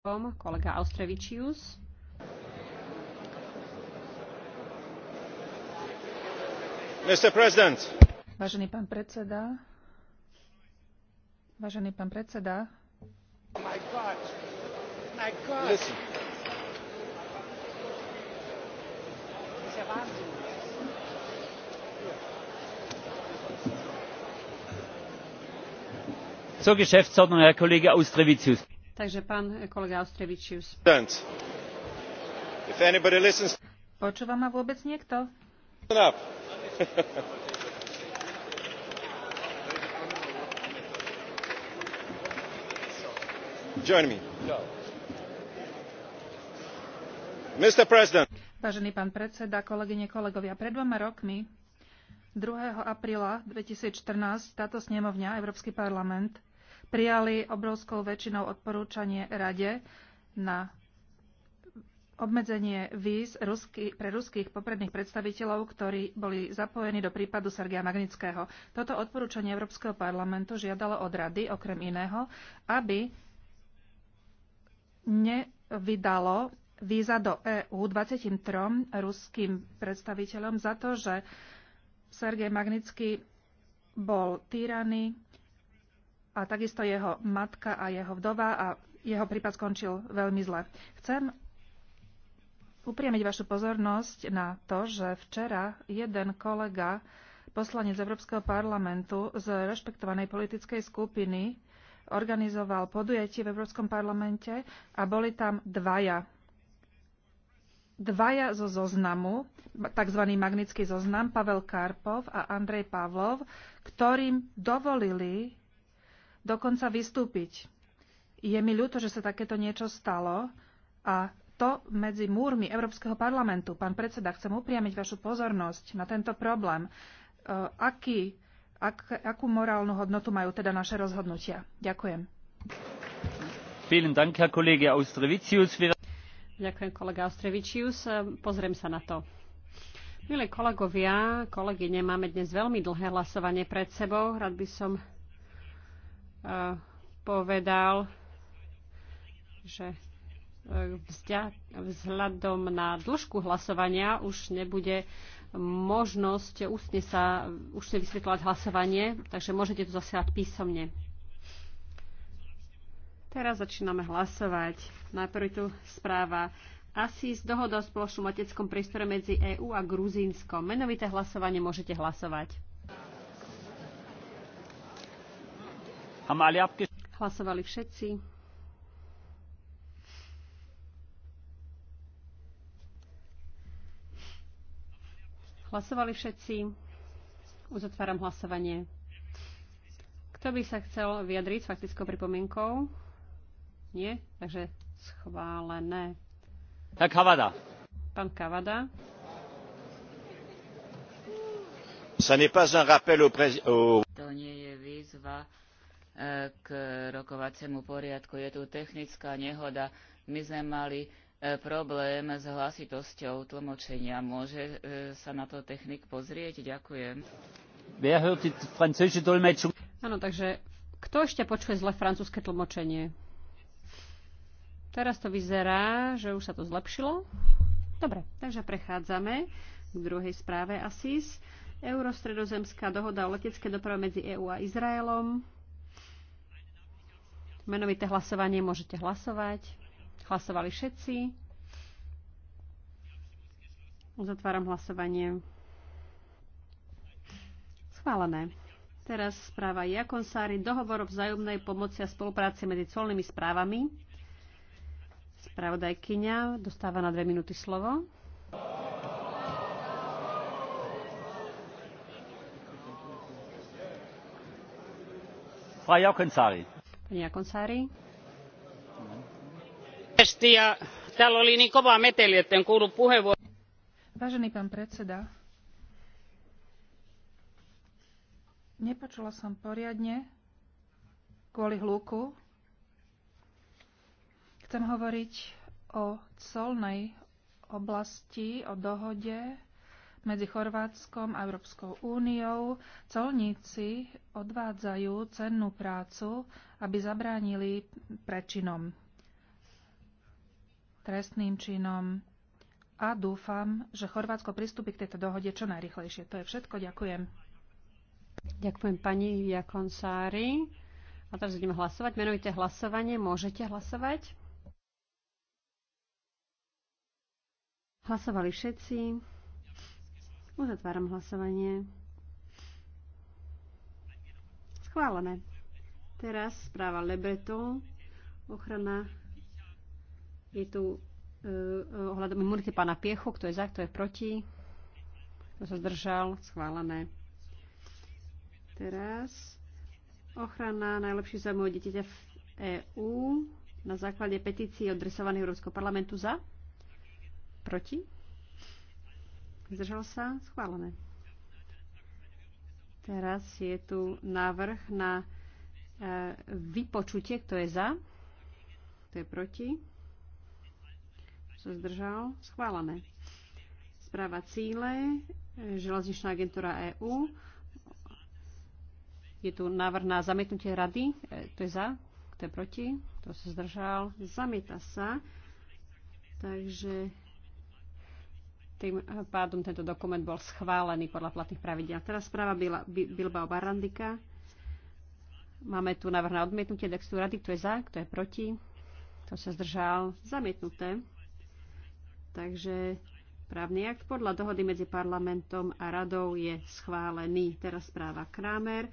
kolega Austrevičius. Vážený pán predseda, vážený pán predseda, My Zur Geschäftsordnung, Herr Kollege Austrevicius Počúva ma vôbec niekto? Vážený pán predseda, kolegyne, kolegovia, pred dvoma rokmi, 2. apríla 2014, táto snemovňa, Európsky parlament, prijali obrovskou väčšinou odporúčanie Rade na obmedzenie víz rusky, pre ruských popredných predstaviteľov, ktorí boli zapojení do prípadu Sergeja Magnického. Toto odporúčanie Európskeho parlamentu žiadalo od Rady, okrem iného, aby nevydalo víza do EÚ 23 ruským predstaviteľom za to, že Sergej Magnický bol týraný, a takisto jeho matka a jeho vdova a jeho prípad skončil veľmi zle. Chcem upriemiť vašu pozornosť na to, že včera jeden kolega, poslanec Európskeho parlamentu z rešpektovanej politickej skupiny, organizoval podujatie v Európskom parlamente a boli tam dvaja. Dvaja zo zoznamu, tzv. magnický zoznam, Pavel Karpov a Andrej Pavlov, ktorým dovolili dokonca vystúpiť. Je mi ľúto, že sa takéto niečo stalo a to medzi múrmi Európskeho parlamentu. Pán predseda, chcem upriamiť vašu pozornosť na tento problém. E, aký, ak, akú morálnu hodnotu majú teda naše rozhodnutia? Ďakujem. Ďakujem, kolega Austrevičius. Pozriem sa na to. Milí kolegovia, kolegyne, máme dnes veľmi dlhé hlasovanie pred sebou. Rád by som povedal, že e, vzhľadom na dĺžku hlasovania už nebude možnosť ústne sa ústne vysvetľovať hlasovanie, takže môžete to zasiať písomne. Teraz začíname hlasovať. Najprv tu správa ASIS, dohoda o spoločnom leteckom priestore medzi EÚ a Gruzínskom. Menovité hlasovanie môžete hlasovať. Hlasovali všetci. Hlasovali všetci. Uzatváram hlasovanie. Kto by sa chcel vyjadriť s faktickou pripomienkou? Nie? Takže schválené. Tak Kavada. Pán Kavada. To nie je výzva E, k rokovaciemu poriadku. Je tu technická nehoda. My sme mali e, problém s hlasitosťou tlmočenia. Môže e, sa na to technik pozrieť? Ďakujem. Áno, takže kto ešte počuje zle francúzske tlmočenie? Teraz to vyzerá, že už sa to zlepšilo. Dobre, takže prechádzame k druhej správe ASIS. Eurostredozemská dohoda o leteckej doprave medzi EÚ a Izraelom. Menovité hlasovanie môžete hlasovať. Hlasovali všetci. Uzatváram hlasovanie. Schválené. Teraz správa Jakonsári, dohovor o vzájomnej pomoci a spolupráci medzi colnými správami. Spravodajkyňa dostáva na dve minúty slovo. Frau Jakonsári. Vážený pán predseda, nepočula som poriadne kvôli hluku. Chcem hovoriť o colnej oblasti, o dohode medzi Chorvátskom a Európskou úniou. Colníci odvádzajú cennú prácu aby zabránili prečinom, trestným činom a dúfam, že Chorvátsko pristúpi k tejto dohode čo najrychlejšie. To je všetko. Ďakujem. Ďakujem pani Jakonsári. A teraz ideme hlasovať. Menujte hlasovanie. Môžete hlasovať. Hlasovali všetci. Uzatváram hlasovanie. Schválené. Teraz správa Lebreto. ochrana je tu uh, ohľadom imunity pána Piechu, kto je za, kto je proti, kto sa zdržal, schválené. Teraz ochrana najlepších zájmov dieťaťa v EÚ na základe petícií adresovaných Európskeho parlamentu za, proti, zdržal sa, schválené. Teraz je tu návrh na vypočutie, kto je za, kto je proti, kto zdržal, schválené. Správa Cíle, železničná agentúra EÚ. Je tu návrh na zamietnutie rady, e, kto je za, kto je proti, kto sa zdržal, zamieta sa. Takže tým e, pádom tento dokument bol schválený podľa platných pravidel. Teraz správa Bilbao Barandika. Máme tu návrh na odmietnutie textu rady, kto je za, kto je proti, kto sa zdržal, zamietnuté. Takže právny akt podľa dohody medzi parlamentom a radou je schválený. Teraz správa Kramer.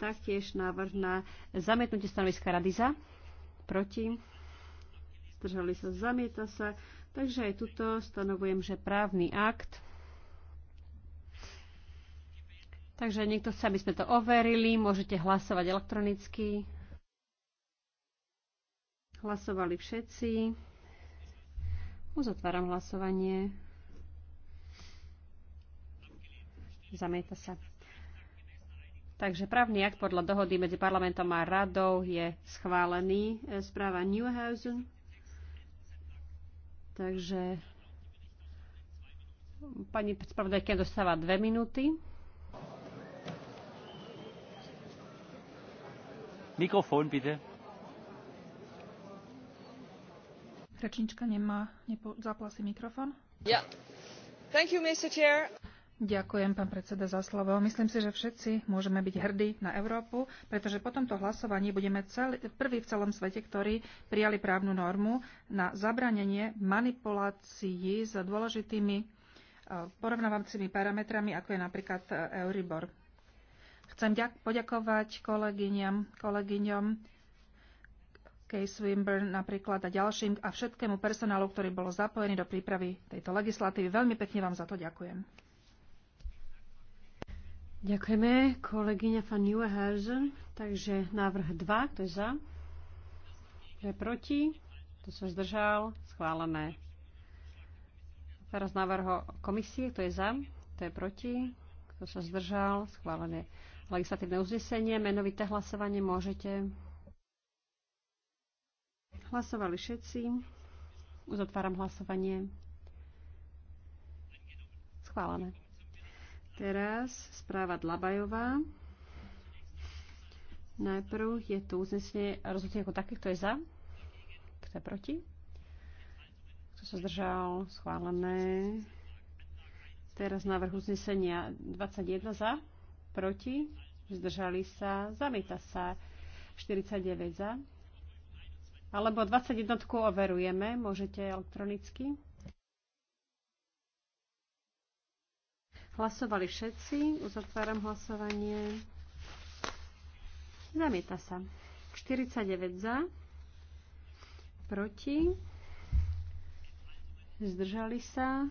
Taktiež návrh na zamietnutie stanoviska rady za, proti, zdržali sa, zamieta sa. Takže aj tuto stanovujem, že právny akt Takže niekto chce, aby sme to overili. Môžete hlasovať elektronicky. Hlasovali všetci. Uzatváram hlasovanie. Zamieta sa. Takže právny akt podľa dohody medzi parlamentom a radou je schválený. E, správa Newhausen. Takže pani spravodajka dostáva dve minúty. Mikrofón, bitte. Rečnička nemá, nepo, si mikrofón. Ja. Yeah. Thank you, Mr. Chair. Ďakujem, pán predseda, za slovo. Myslím si, že všetci môžeme byť hrdí na Európu, pretože po tomto hlasovaní budeme celý, prví v celom svete, ktorí prijali právnu normu na zabranenie manipulácií s dôležitými eh, porovnávacími parametrami, ako je napríklad eh, Euribor. Chcem poďakovať kolegyňam, kolegyňom Kay Swinburne napríklad a ďalším a všetkému personálu, ktorý bol zapojený do prípravy tejto legislatívy. Veľmi pekne vám za to ďakujem. Ďakujeme, kolegyňa van Nieuwenhuizen. Takže návrh 2, kto je za? Kto je proti? Kto sa zdržal? Schválené. Teraz návrh komisie, kto je za? Kto je proti? Kto sa zdržal? Schválené legislatívne uznesenie. Menovité hlasovanie môžete. Hlasovali všetci. Uzatváram hlasovanie. Schválené. Teraz správa Dlabajová. Najprv je tu uznesenie rozhodnutie ako také, kto je za, kto je proti, kto sa zdržal, schválené. Teraz návrh uznesenia 21 za, proti, zdržali sa, zamieta sa 49 za. Alebo 21 overujeme, môžete elektronicky. Hlasovali všetci, uzatváram hlasovanie. Zamieta sa. 49 za, proti, zdržali sa,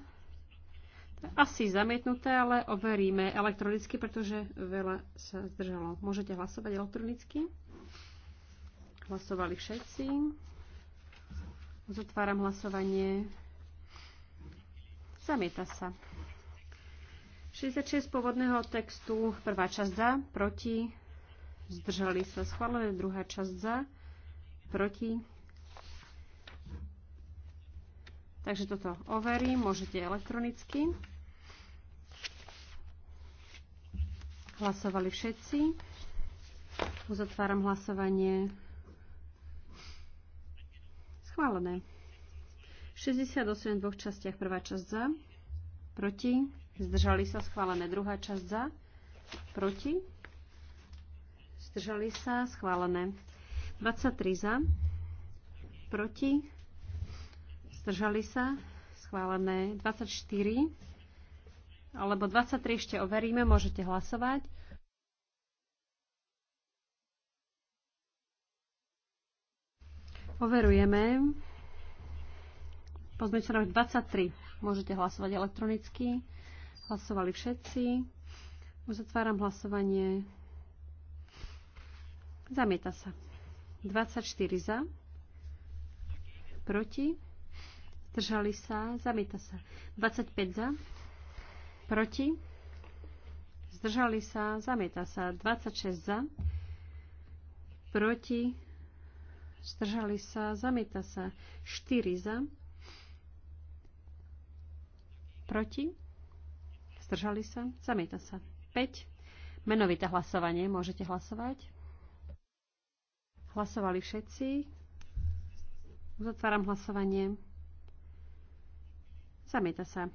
asi zamietnuté, ale overíme elektronicky, pretože veľa sa zdržalo. Môžete hlasovať elektronicky. Hlasovali všetci. Zatváram hlasovanie. Zamieta sa. 66 pôvodného textu, prvá časť za, proti, zdržali sa schválené, druhá časť za, proti, Takže toto overím, môžete elektronicky. Hlasovali všetci. Uzatváram hlasovanie. Schválené. 68 v dvoch častiach. Prvá časť za. Proti. Zdržali sa. Schválené. Druhá časť za. Proti. Zdržali sa. Schválené. 23 za. Proti. Zdržali sa? Schválené. 24. Alebo 23 ešte overíme. Môžete hlasovať. Overujeme. Pozmeňte návrh 23. Môžete hlasovať elektronicky. Hlasovali všetci. Uzatváram hlasovanie. Zamieta sa. 24 za. Proti. Držali sa. Zamieta sa. 25 za. Proti. Zdržali sa. Zamieta sa. 26 za. Proti. Zdržali sa. Zamieta sa. 4 za. Proti. Zdržali sa. Zamieta sa. 5. Menovité hlasovanie. Môžete hlasovať. Hlasovali všetci. Uzatváram hlasovanie. Zamieta sa.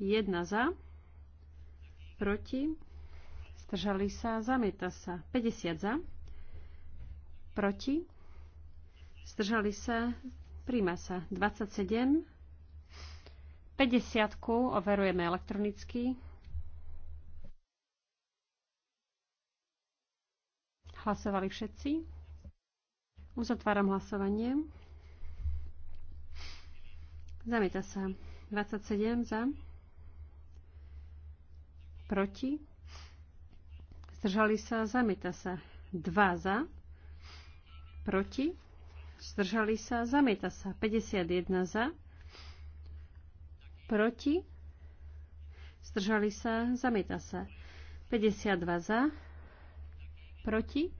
1 za, proti, zdržali sa, zamieta sa. 50 za, proti, zdržali sa, príjma sa. 27, 50 overujeme elektronicky. Hlasovali všetci. Uzatváram hlasovanie. Zamieta sa. 27 za. Proti. Zdržali sa. Zamieta sa. 2 za. Proti. Zdržali sa. Zamieta sa. 51 za. Proti. Zdržali sa. Zamieta sa. 52 za. Proti.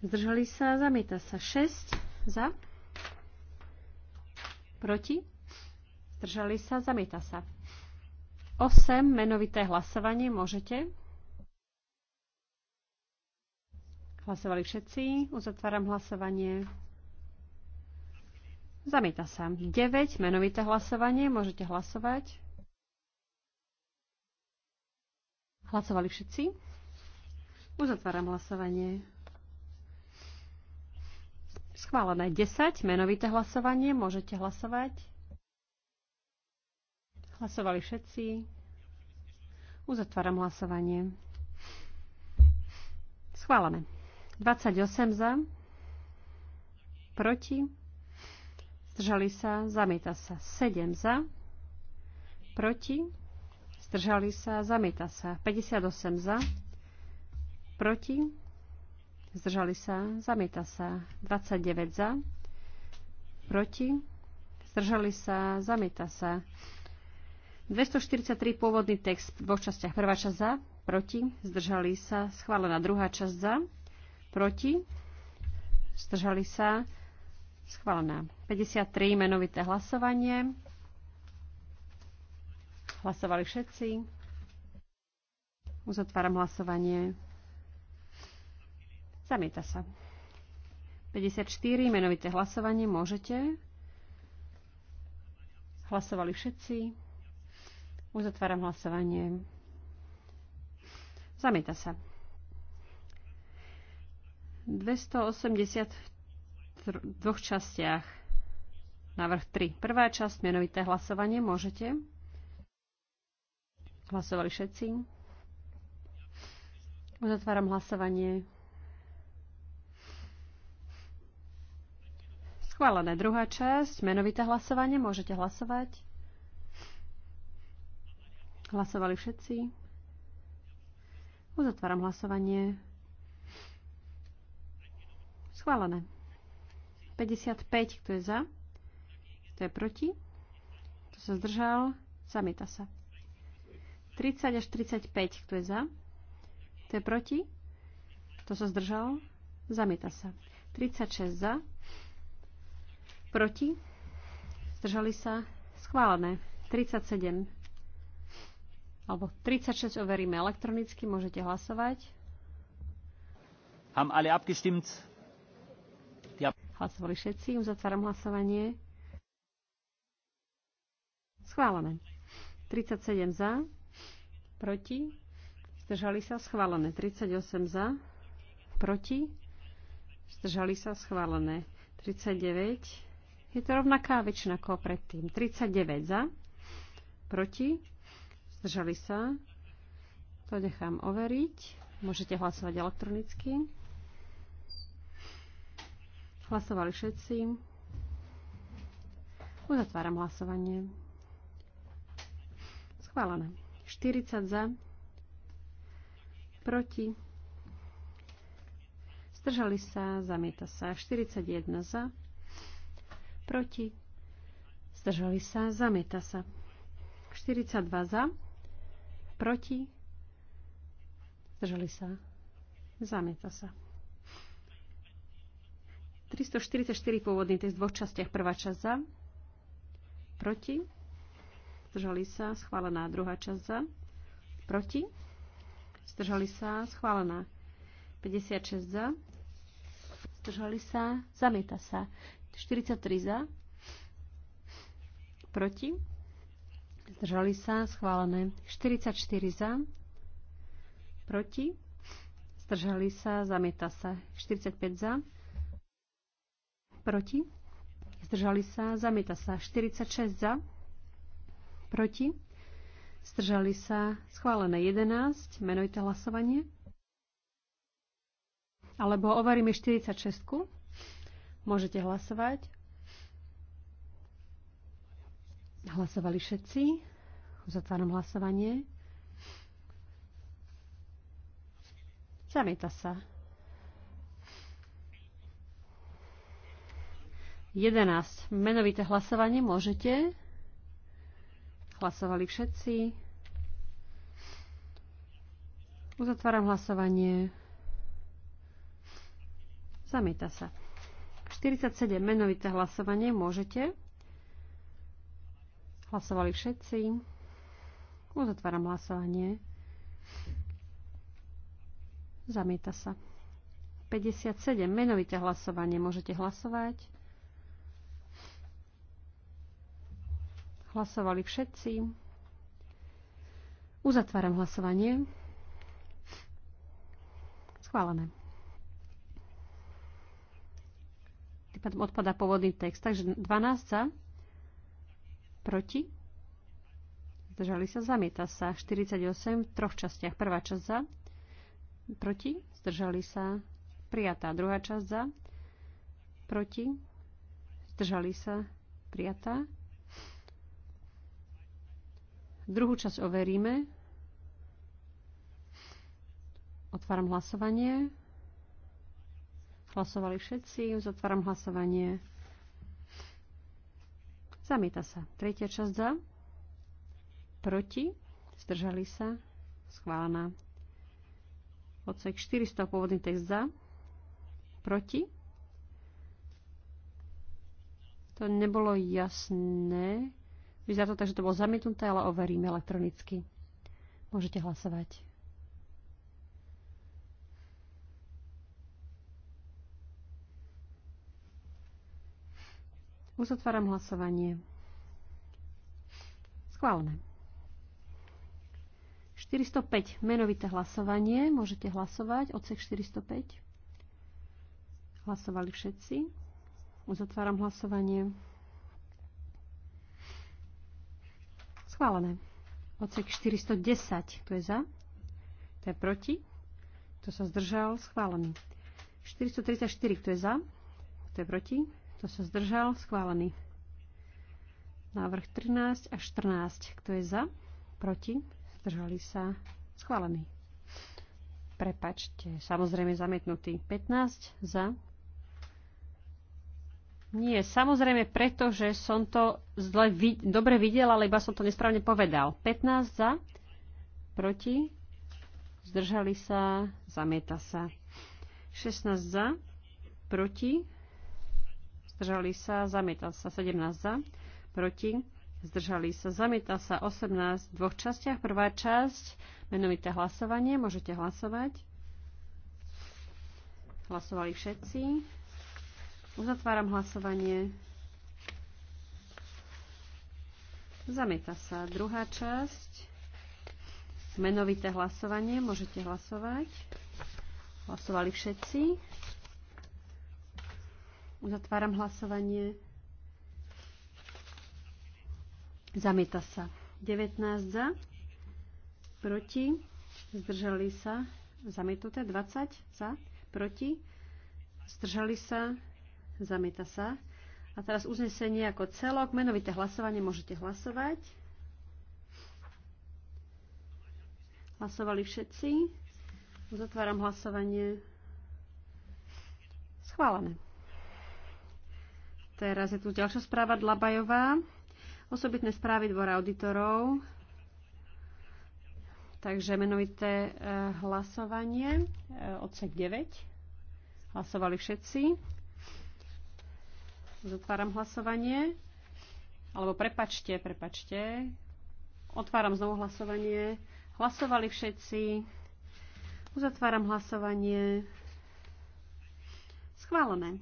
Zdržali sa. Zamieta sa. 6 za. Proti. Zdržali sa? Zamieta sa. 8. Menovité hlasovanie. Môžete. Hlasovali všetci. Uzatváram hlasovanie. Zamieta sa. 9. Menovité hlasovanie. Môžete hlasovať. Hlasovali všetci. Uzatváram hlasovanie. Schválené 10. Menovité hlasovanie. Môžete hlasovať. Hlasovali všetci. Uzatváram hlasovanie. Schválené. 28 za. Proti. Zdržali sa. Zamieta sa. 7 za. Proti. Zdržali sa. Zamieta sa. 58 za. Proti. Zdržali sa. Zamieta sa. 29 za. Proti. Zdržali sa. Zamieta sa. 243 pôvodný text v dvoch častiach. Prvá časť za, proti, zdržali sa, schválená. Druhá časť za, proti, zdržali sa, schválená. 53 menovité hlasovanie. Hlasovali všetci. Uzatváram hlasovanie. Zamieta sa. 54 menovité hlasovanie môžete. Hlasovali všetci. Uzatváram hlasovanie. Zamieta sa. 280 v dvoch častiach. Návrh 3. Prvá časť, menovité hlasovanie. Môžete. Hlasovali všetci. Uzatváram hlasovanie. Schválené druhá časť, menovité hlasovanie. Môžete hlasovať. Hlasovali všetci? Uzatváram hlasovanie. Schválené. 55, kto je za? Kto je proti? Kto sa zdržal? Zamieta sa. 30 až 35, kto je za? Kto je proti? Kto sa zdržal? Zamieta sa. 36 za. Proti? Zdržali sa? Schválené. 37 alebo 36 overíme elektronicky, môžete hlasovať. Haben alle abgestimmt? Hlasovali všetci, uzatváram hlasovanie. Schválené. 37 za, proti, zdržali sa, schválené. 38 za, proti, zdržali sa, schválené. 39, je to rovnaká väčšina ako predtým. 39 za, proti, Zdržali sa? To nechám overiť. Môžete hlasovať elektronicky. Hlasovali všetci. Uzatváram hlasovanie. Schválené. 40 za. Proti. Zdržali sa. Zamieta sa. 41 za. Proti. Zdržali sa. Zamieta sa. 42 za Proti? Zdržali sa? Zamieta sa. 344 pôvodný test v dvoch častiach. Prvá časť za. Proti? Zdržali sa? Schválená. Druhá časť za. Proti? Zdržali sa? Schválená. 56 za. Zdržali sa? Zamieta sa. 43 za. Proti? Zdržali sa. Schválené. 44 za. Proti. Zdržali sa. Zamieta sa. 45 za. Proti. Zdržali sa. Zamieta sa. 46 za. Proti. Zdržali sa. Schválené 11. Menujte hlasovanie. Alebo overíme 46. Môžete hlasovať. Hlasovali všetci. Zatváram hlasovanie. Zamieta sa. 11. Menovité hlasovanie môžete. Hlasovali všetci. Uzatváram hlasovanie. Zamieta sa. 47. Menovité hlasovanie môžete. Hlasovali všetci. Uzatváram hlasovanie. Zamieta sa. 57. Menovite hlasovanie. Môžete hlasovať. Hlasovali všetci. Uzatváram hlasovanie. Schválené. Tým odpadá pôvodný text. Takže 12 za. Proti? Zdržali sa, zamieta sa. 48 v troch častiach. Prvá časť za. Proti? Zdržali sa. Prijatá. Druhá časť za. Proti? Zdržali sa. Prijatá. Druhú časť overíme. Otváram hlasovanie. Hlasovali všetci. Zatváram hlasovanie. Zamieta sa. Tretia časť za. Proti. Zdržali sa. Schválená. Odsek 400, pôvodný text za. Proti. To nebolo jasné. Vyzerá to tak, že to bolo zamietnuté, ale overíme elektronicky. Môžete hlasovať. Uzatváram hlasovanie. Schválené. 405. Menovité hlasovanie. Môžete hlasovať. Odsek 405. Hlasovali všetci. Uzatváram hlasovanie. Schválené. Odsek 410. To je za. To je proti. To sa zdržal. Schválený. 434. Kto je za? Kto je proti? Kto sa zdržal? Schválený. Návrh 13 a 14. Kto je za? Proti? Zdržali sa? Schválený. Prepačte, samozrejme zamietnutý. 15 za? Nie, samozrejme preto, že som to zle dobre videl, ale iba som to nesprávne povedal. 15 za? Proti? Zdržali sa? Zamieta sa. 16 za? Proti? zdržali sa, zamieta sa 17 za, proti, zdržali sa, zamieta sa 18 v dvoch častiach. Prvá časť, menovité hlasovanie, môžete hlasovať. Hlasovali všetci. Uzatváram hlasovanie. Zamieta sa druhá časť. Menovité hlasovanie, môžete hlasovať. Hlasovali všetci. Uzatváram hlasovanie. Zamieta sa. 19 za. Proti. Zdržali sa. Zamietnuté. 20 za. Proti. Zdržali sa. Zamieta sa. A teraz uznesenie ako celok. Menovité hlasovanie môžete hlasovať. Hlasovali všetci. Uzatváram hlasovanie. Schválené. Teraz je tu ďalšia správa Dlabajová. Osobitné správy dvora auditorov. Takže menovité e, hlasovanie, e, odsek 9. Hlasovali všetci. Zotváram hlasovanie. Alebo prepačte, prepačte. Otváram znovu hlasovanie. Hlasovali všetci. Uzatváram hlasovanie. Schválené.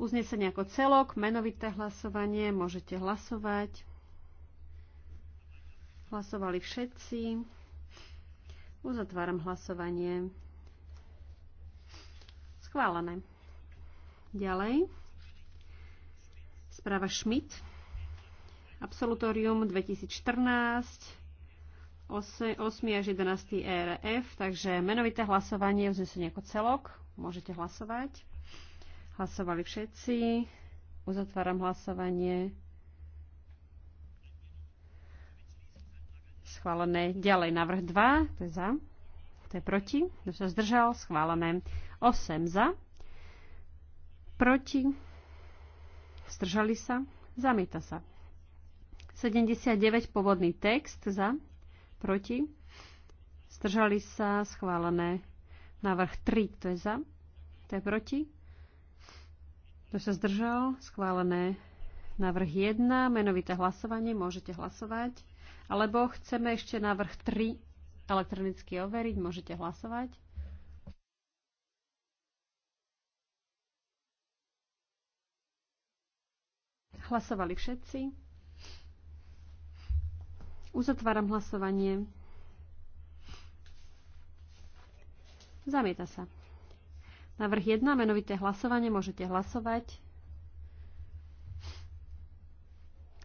Uznesenie ako celok, menovité hlasovanie, môžete hlasovať. Hlasovali všetci. Uzatváram hlasovanie. Schválené. Ďalej. Správa Schmidt. Absolutorium 2014. 8, 8 až 11 ERF, takže menovité hlasovanie, uznesenie ako celok, môžete hlasovať. Hlasovali všetci. Uzatváram hlasovanie. Schválené. Ďalej návrh 2. To je za. To je proti. Kto sa zdržal? Schválené. 8 za. Proti. Zdržali sa. Zamieta sa. 79 pôvodný text za. Proti. Zdržali sa. Schválené. Návrh 3. To je za. To je proti. Kto sa zdržal? Schválené. Návrh 1, menovité hlasovanie, môžete hlasovať. Alebo chceme ešte návrh 3 elektronicky overiť, môžete hlasovať. Hlasovali všetci. Uzatváram hlasovanie. Zamieta sa vrch 1, menovité hlasovanie, môžete hlasovať.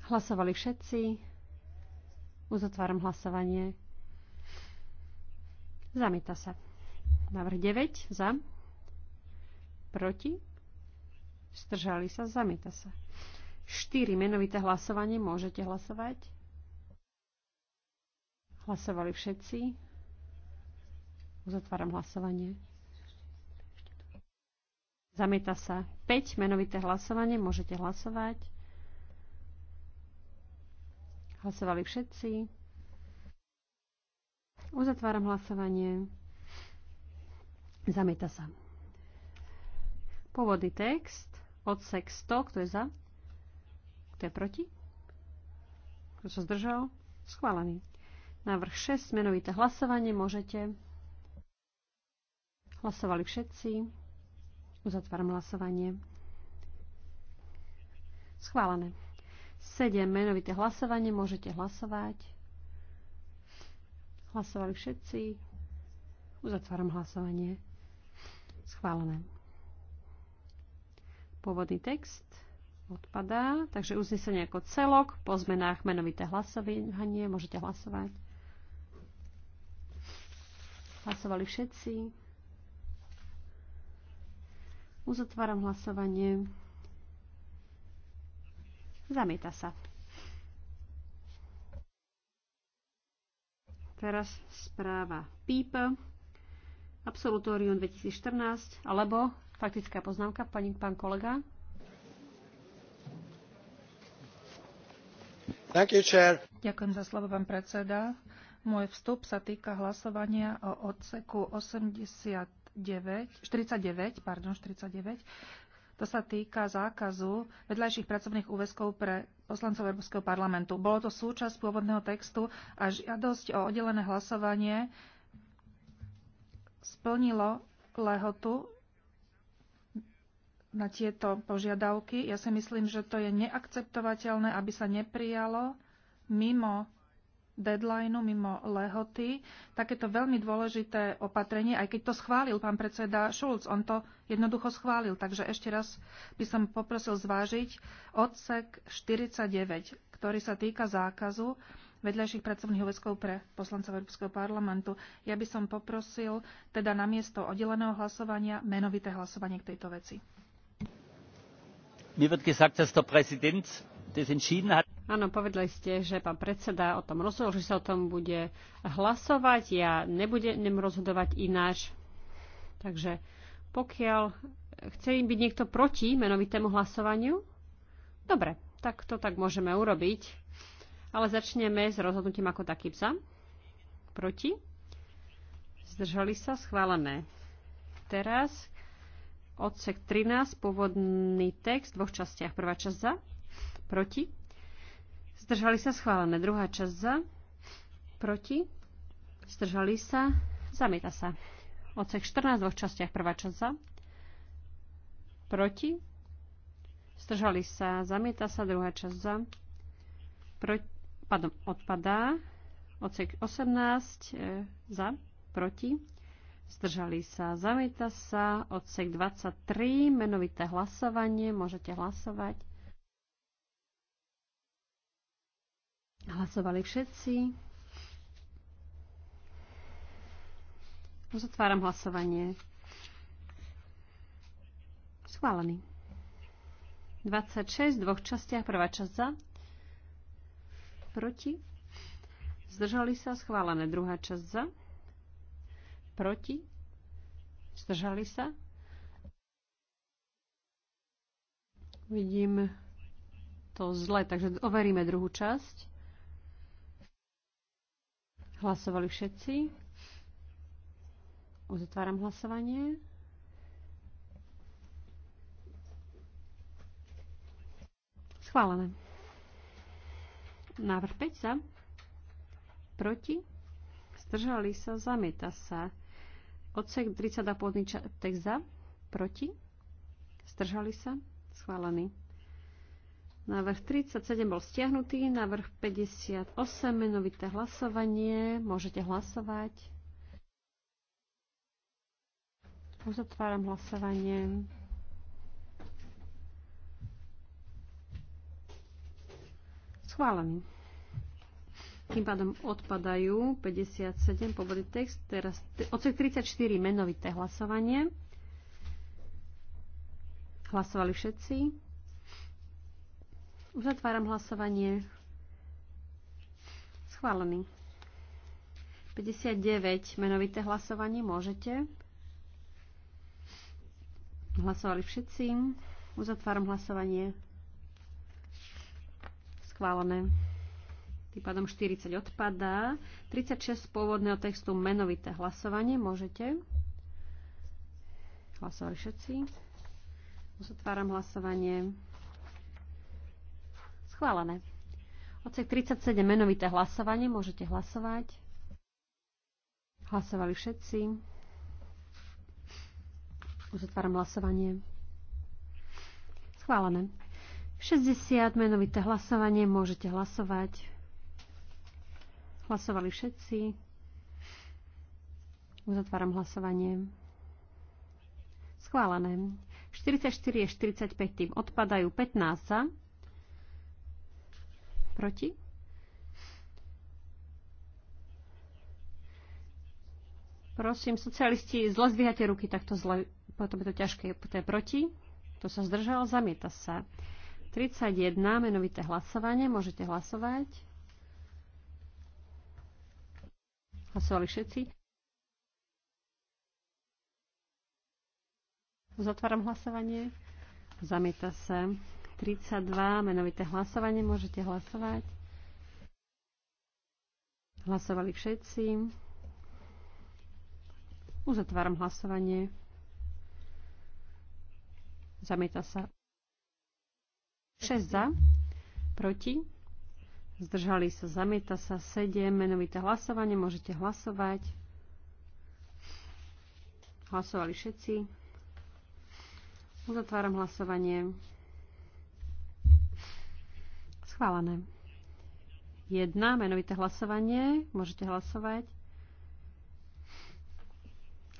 Hlasovali všetci. Uzatváram hlasovanie. Zamieta sa. Navrh 9, za. Proti. stržali sa, zamieta sa. 4, menovité hlasovanie, môžete hlasovať. Hlasovali všetci. Uzatváram hlasovanie. Zamieta sa 5, menovité hlasovanie, môžete hlasovať. Hlasovali všetci. Uzatváram hlasovanie. Zamieta sa. Pôvodný text, odsek 100, kto je za? Kto je proti? Kto sa zdržal? Schválený. Návrh 6, menovité hlasovanie, môžete. Hlasovali všetci. Uzatváram hlasovanie. Schválené. 7. Menovité hlasovanie. Môžete hlasovať. Hlasovali všetci. Uzatváram hlasovanie. Schválené. Pôvodný text odpadá, takže uznesenie ako celok, po zmenách menovité hlasovanie, môžete hlasovať. Hlasovali všetci. Uzatváram hlasovanie. Zamieta sa. Teraz správa PIP, absolutórium 2014, alebo faktická poznámka, pani, pán kolega. You, Ďakujem za slovo, pán predseda. Môj vstup sa týka hlasovania o odseku 83 9, 49, pardon, 49. To sa týka zákazu vedľajších pracovných úväzkov pre poslancov Európskeho parlamentu. Bolo to súčasť pôvodného textu a žiadosť o oddelené hlasovanie splnilo lehotu na tieto požiadavky. Ja si myslím, že to je neakceptovateľné, aby sa neprijalo mimo deadlineu, mimo lehoty, takéto veľmi dôležité opatrenie, aj keď to schválil pán predseda Šulc, on to jednoducho schválil. Takže ešte raz by som poprosil zvážiť odsek 49, ktorý sa týka zákazu vedľajších pracovných úväzkov pre poslancov Európskeho parlamentu. Ja by som poprosil teda na miesto oddeleného hlasovania menovité hlasovanie k tejto veci. Mir wird gesagt, dass der Präsident das entschieden hat. Áno, povedali ste, že pán predseda o tom rozhodol, že sa o tom bude hlasovať. Ja nebudem rozhodovať ináč. Takže pokiaľ chce im byť niekto proti menovitému hlasovaniu, dobre, tak to tak môžeme urobiť. Ale začneme s rozhodnutím ako taký za. Proti. Zdržali sa, schválené. Teraz odsek 13, pôvodný text v dvoch častiach. Prvá časť za, Proti? Zdržali sa schválené. Druhá časť za. Proti? Zdržali sa. Zamieta sa. Odsek 14 v dvoch častiach. Prvá časť za. Proti? Zdržali sa. Zamieta sa. Druhá časť za. Proti? Pardon, odpadá. Odsek 18 e, za. Proti? Zdržali sa. Zamieta sa. Odsek 23. Menovité hlasovanie. Môžete hlasovať. Hlasovali všetci. Uzatváram hlasovanie. Schválený. 26 v dvoch častiach. Prvá časť za. Proti. Zdržali sa. Schválené. Druhá časť za. Proti. Zdržali sa. Vidím to zle, takže overíme druhú časť. Hlasovali všetci. Uzatváram hlasovanie. Schválené. Návrh 5 za. Proti. Zdržali sa. Zamieta sa. Odsek 30 a pôvodný text za. Proti. Zdržali sa. Schválený. Návrh 37 bol stiahnutý, návrh 58, menovité hlasovanie, môžete hlasovať. Uzatváram hlasovanie. Schválený. Tým pádom odpadajú 57 pôvodný text, teraz odsek 34 menovité hlasovanie. Hlasovali všetci. Uzatváram hlasovanie. Schválený. 59. Menovité hlasovanie môžete. Hlasovali všetci. Uzatváram hlasovanie. Schválené. Tým pádom 40 odpadá. 36 z pôvodného textu menovité hlasovanie. Môžete. Hlasovali všetci. Uzatváram hlasovanie. Schválené. Odsek 37, menovité hlasovanie. Môžete hlasovať. Hlasovali všetci. Uzatváram hlasovanie. Schválené. 60, menovité hlasovanie. Môžete hlasovať. Hlasovali všetci. Uzatváram hlasovanie. Schválené. 44 je 45 tým odpadajú 15 za. Proti? Prosím, socialisti, zle zdvíhate ruky to zle, potom je to ťažké. To je proti, to sa zdržal, zamieta sa. 31, menovité hlasovanie, môžete hlasovať. Hlasovali všetci. Zatváram hlasovanie. Zamieta sa. 32, menovité hlasovanie. Môžete hlasovať. Hlasovali všetci. Uzatváram hlasovanie. Zamieta sa. 6 za, proti, zdržali sa, zamieta sa, 7, menovité hlasovanie, môžete hlasovať. Hlasovali všetci. Uzatváram hlasovanie. Schválené. 1. Menovité hlasovanie. Môžete hlasovať.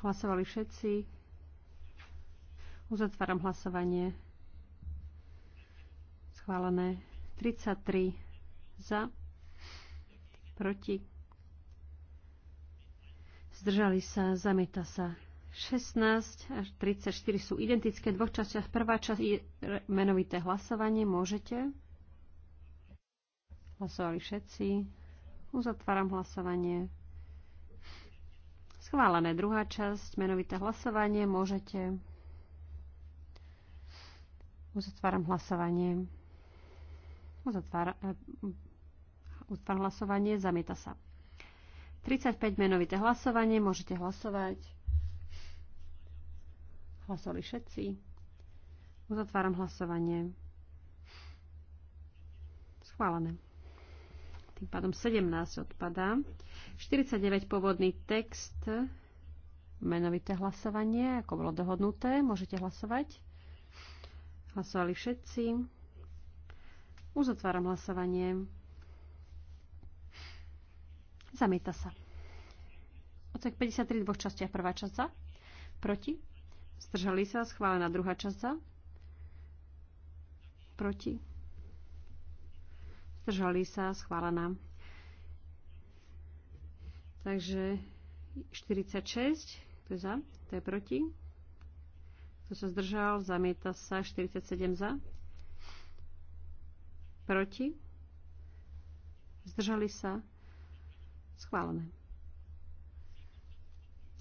Hlasovali všetci. Uzatváram hlasovanie. Schválené. 33 za. Proti. Zdržali sa. Zamieta sa. 16 až 34 sú identické. V dvoch častiach. Prvá časť je menovité hlasovanie. Môžete. Hlasovali všetci. Uzatváram hlasovanie. Schválené druhá časť, menovité hlasovanie. Môžete. Uzatváram hlasovanie. Uzatváram, eh, uzatváram hlasovanie. Zamieta sa. 35 menovité hlasovanie. Môžete hlasovať. Hlasovali všetci. Uzatváram hlasovanie. Schválené. Tým pádom 17 odpadá. 49 pôvodný text, menovité hlasovanie, ako bolo dohodnuté. Môžete hlasovať. Hlasovali všetci. Uzatváram hlasovanie. Zamieta sa. Odsek 53 v dvoch častiach. Prvá časť za. Proti. Zdržali sa. Schválená druhá časť za. Proti Zdržali sa, schválená. Takže 46, kto je za, kto je proti. Kto sa zdržal, zamieta sa 47 za. Proti. Zdržali sa. Schválené.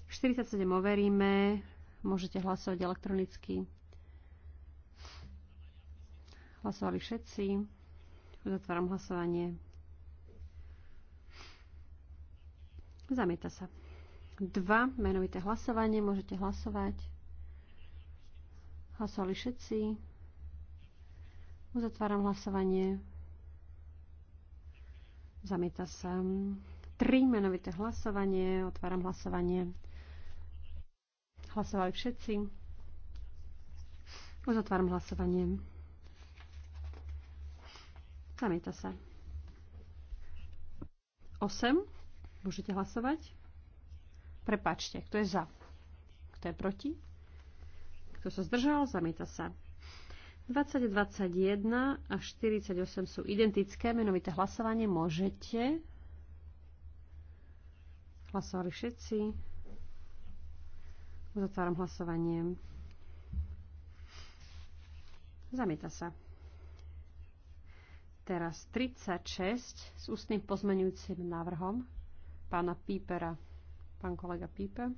47 overíme. Môžete hlasovať elektronicky. Hlasovali všetci. Zatváram hlasovanie. Zamieta sa. dva, Menovité hlasovanie. Môžete hlasovať. Hlasovali všetci. Uzatváram hlasovanie. Zamieta sa. tri, Menovité hlasovanie. Otváram hlasovanie. Hlasovali všetci. Uzatváram hlasovanie. Zamieta sa. 8. Môžete hlasovať. Prepačte, kto je za? Kto je proti? Kto sa zdržal? Zamieta sa. 20, 21 a 48 sú identické. Menovité hlasovanie môžete. Hlasovali všetci. Uzatváram hlasovanie. Zamieta sa. Teraz 36 s ústnym pozmenujúcim návrhom pána Pípera. Pán kolega Píper.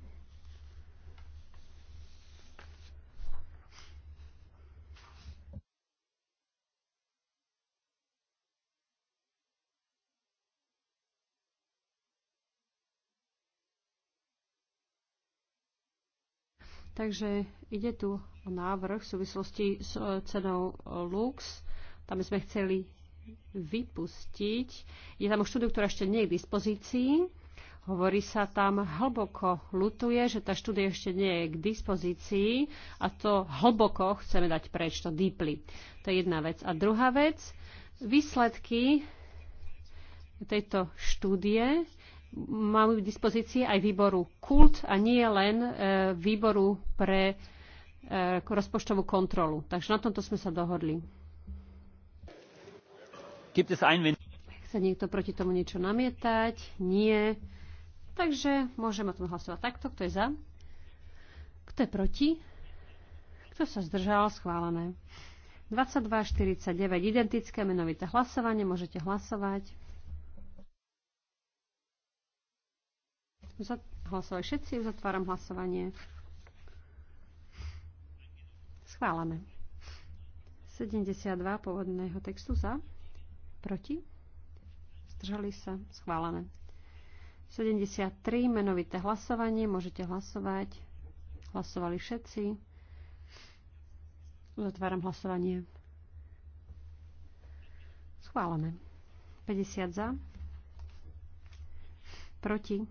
Takže ide tu o návrh v súvislosti s cenou Lux. Tam sme chceli vypustiť. Je tam už štúdia, ktorá ešte nie je k dispozícii. Hovorí sa tam, hlboko lutuje, že tá štúdia ešte nie je k dispozícii a to hlboko chceme dať preč, to deeply. To je jedna vec. A druhá vec, výsledky tejto štúdie máme k dispozícii aj výboru KULT a nie len e, výboru pre e, rozpočtovú kontrolu. Takže na tomto sme sa dohodli. Gibt es Einwände? Chce niekto proti tomu niečo namietať? Nie. Takže môžeme o tom hlasovať takto. Kto je za? Kto je proti? Kto sa zdržal? Schválené. 2249 identické menovité hlasovanie. Môžete hlasovať. Hlasovali všetci. Uzatváram hlasovanie. Schválené. 72 pôvodného textu za. Proti? Zdržali sa? Schválené. 73. Menovité hlasovanie. Môžete hlasovať. Hlasovali všetci. Uzatváram hlasovanie. Schválené. 50 za. Proti.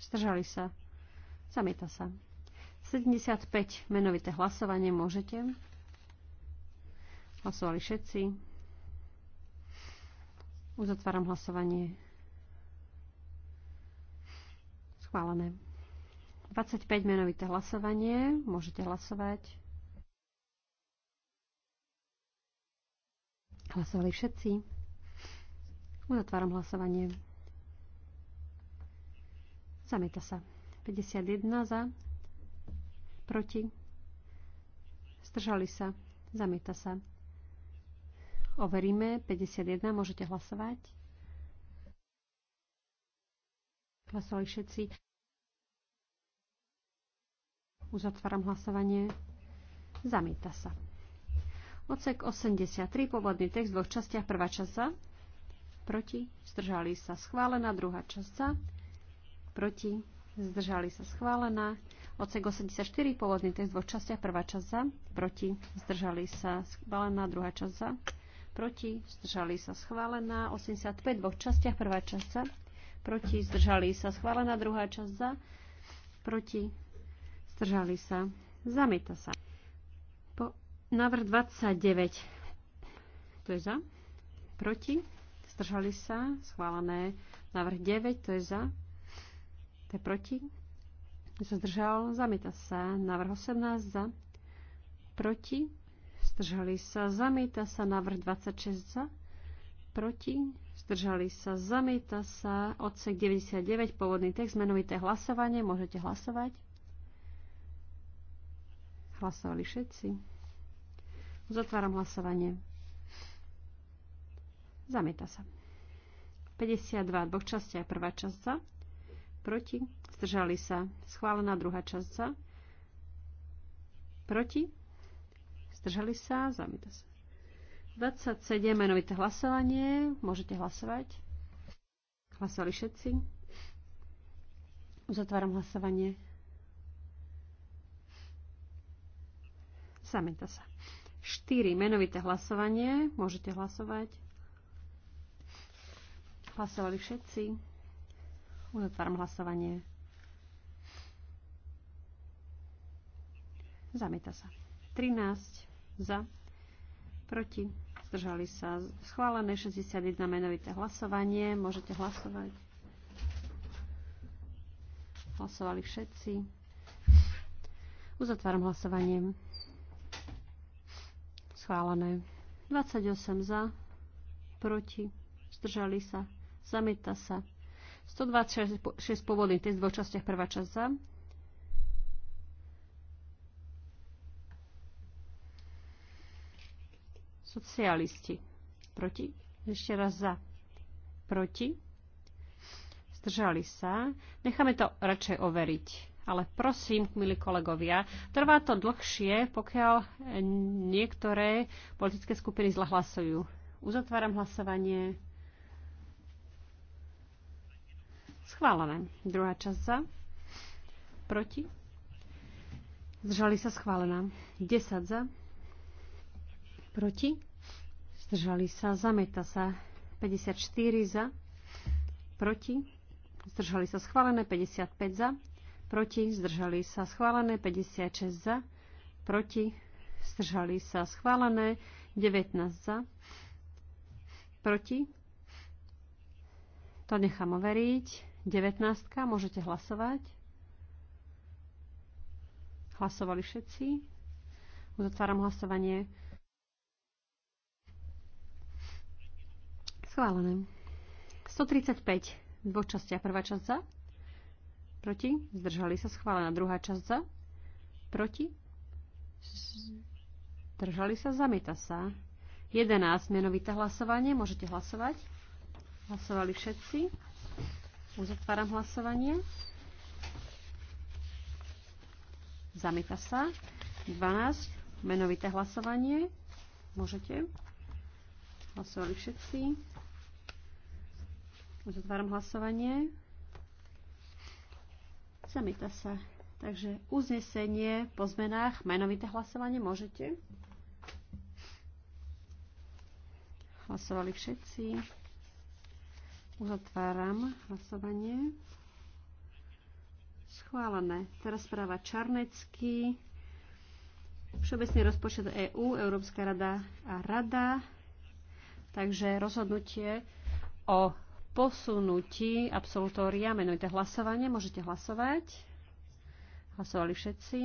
Zdržali sa. Zamieta sa. 75. Menovité hlasovanie. Môžete. Hlasovali všetci. Uzatváram hlasovanie. Schválené. 25 menovité hlasovanie. Môžete hlasovať. Hlasovali všetci. Uzatváram hlasovanie. Zamieta sa. 51 za. Proti. Zdržali sa. Zamieta sa. Overíme. 51. Môžete hlasovať. Hlasovali všetci. Uzatváram hlasovanie. Zamieta sa. Odsek 83, pôvodný text v dvoch častiach. Prvá časť za, proti, zdržali sa schválená. Druhá časť za, proti, zdržali sa schválená. Odsek 84, pôvodný text v dvoch častiach. Prvá časť za, proti, zdržali sa schválená. Druhá časť za, proti, zdržali sa schválená, 85 v dvoch častiach, prvá časť za, proti, zdržali sa schválená, druhá časť za, proti, zdržali sa, zamieta sa. Po návrh 29, to je za, proti, zdržali sa, schválené, návrh 9, to je za, to je proti, zdržal, zamieta sa, návrh 18 za, proti, zdržali sa, zamieta sa, návrh 26 za, proti, zdržali sa, zamieta sa, odsek 99, pôvodný text, menovité hlasovanie, môžete hlasovať. Hlasovali všetci. Zatváram hlasovanie. Zamieta sa. 52 dvoch častiach, prvá časť za, proti, zdržali sa, schválená druhá časť za, proti, Zdržali sa? Zamieta sa. 27. Menovité hlasovanie. Môžete hlasovať. Hlasovali všetci. Uzatváram hlasovanie. Zamieta sa. 4. Menovité hlasovanie. Môžete hlasovať. Hlasovali všetci. Uzatváram hlasovanie. Zamieta sa. 13 za, proti, zdržali sa schválené 61 menovité hlasovanie. Môžete hlasovať. Hlasovali všetci. Uzatváram hlasovanie. Schválené. 28 za, proti, zdržali sa, zamieta sa. 126 pôvodný test v dvoch častiach, prvá časť za, socialisti. Proti? Ešte raz za. Proti? Zdržali sa. Necháme to radšej overiť. Ale prosím, milí kolegovia, trvá to dlhšie, pokiaľ niektoré politické skupiny zlahlasujú. Uzatváram hlasovanie. Schválené. Druhá časť za. Proti? Zdržali sa schválená. 10 za proti, zdržali sa, zameta sa 54 za, proti, zdržali sa schválené 55 za, proti, zdržali sa schválené 56 za, proti, zdržali sa schválené 19 za, proti, to nechám overiť, 19, môžete hlasovať. Hlasovali všetci. Uzatváram hlasovanie. Schválené. 135 v dvoch častiach. Prvá časť za, proti, zdržali sa. Schválená druhá časť za, proti, zdržali sa, zamieta sa. 11 menovité hlasovanie, môžete hlasovať. Hlasovali všetci. Uzatváram hlasovanie. Zamieta sa. 12. Menovité hlasovanie. Môžete. Hlasovali všetci. Zatváram hlasovanie. Zamieta sa. Takže uznesenie po zmenách, menovité hlasovanie môžete. Hlasovali všetci. Uzatváram hlasovanie. Schválené. Teraz správa Čarnecký. Všeobecný rozpočet EÚ, EU, Európska rada a rada. Takže rozhodnutie o posunutí absolutória, menujte hlasovanie, môžete hlasovať. Hlasovali všetci.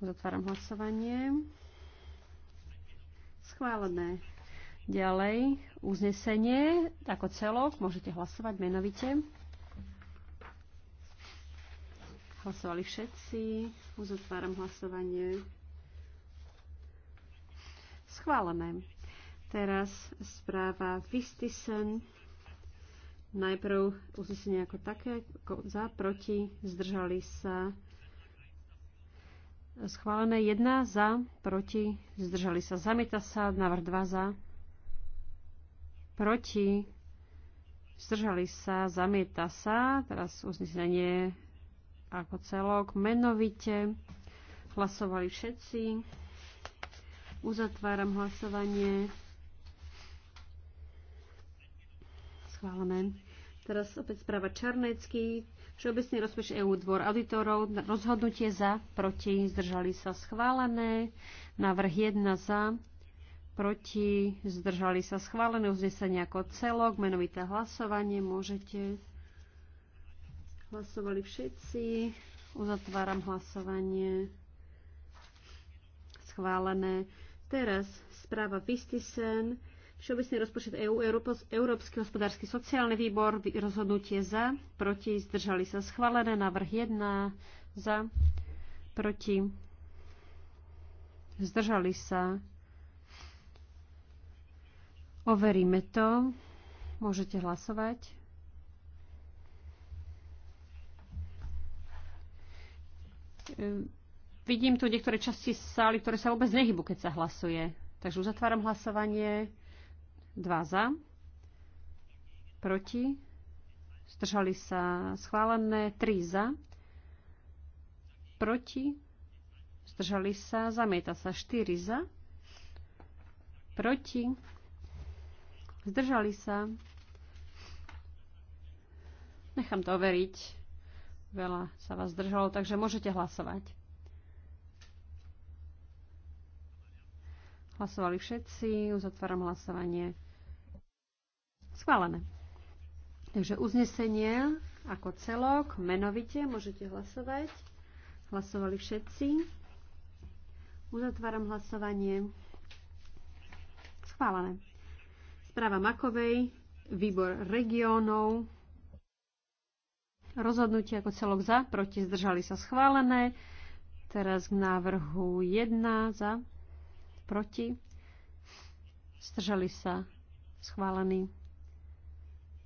Zatváram hlasovanie. Schválené. Ďalej, uznesenie ako celok, môžete hlasovať menovite. Hlasovali všetci. Uzatváram hlasovanie. Schválené. Teraz správa Vistisen. Najprv uznesenie ako také, ako za, proti, zdržali sa. Schválené 1 za, proti, zdržali sa. Zamieta sa, návrh dva, za, proti, zdržali sa, zamieta sa. Teraz uznesenie ako celok, menovite. Hlasovali všetci. Uzatváram hlasovanie. Schválené. Teraz opäť správa Čarnecký. Všeobecný rozpeč EU dvor auditorov. Rozhodnutie za, proti, zdržali sa schválené. Návrh 1 za, proti, zdržali sa schválené. Uznesenie ako celok, menovité hlasovanie. Môžete. Hlasovali všetci. Uzatváram hlasovanie. Schválené. Teraz správa Vistisen Všeobecný rozpočet EÚ, Európsky hospodársky sociálny výbor, rozhodnutie za, proti, zdržali sa schválené, návrh 1, za, proti, zdržali sa. Overíme to. Môžete hlasovať. Ehm, vidím tu niektoré časti sály, ktoré sa vôbec nehybu, keď sa hlasuje. Takže uzatváram hlasovanie. 2 za, proti, zdržali sa schválené 3 za, proti, zdržali sa, zamieta sa 4 za, proti, zdržali sa. Nechám to overiť. Veľa sa vás zdržalo, takže môžete hlasovať. Hlasovali všetci, uzatváram hlasovanie. Schválené. Takže uznesenie ako celok, menovite, môžete hlasovať. Hlasovali všetci. Uzatváram hlasovanie. Schválené. Správa Makovej, výbor regiónov, rozhodnutie ako celok za, proti, zdržali sa schválené. Teraz k návrhu 1 za, proti, zdržali sa, schválený.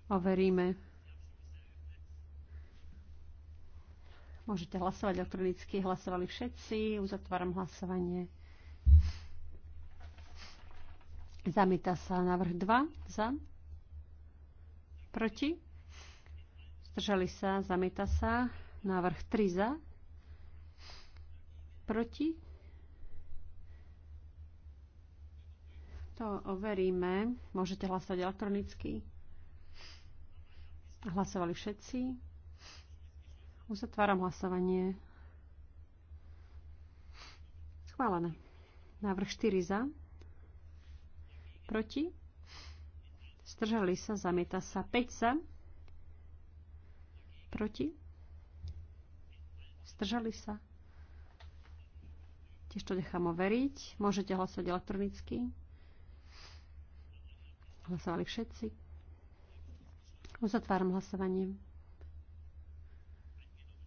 Overíme. Môžete hlasovať elektronicky, hlasovali všetci, uzatváram hlasovanie. Zamieta sa návrh 2, za, proti, zdržali sa, zamieta sa, návrh 3 za, proti, To overíme. Môžete hlasovať elektronicky. Hlasovali všetci. Uzatváram hlasovanie. Schválené. Návrh 4 za. Proti. Zdržali sa. Zamieta sa. 5 za. Proti. Zdržali sa. Tiež to nechám overiť. Môžete hlasovať elektronicky. Hlasovali všetci. Uzatváram hlasovanie.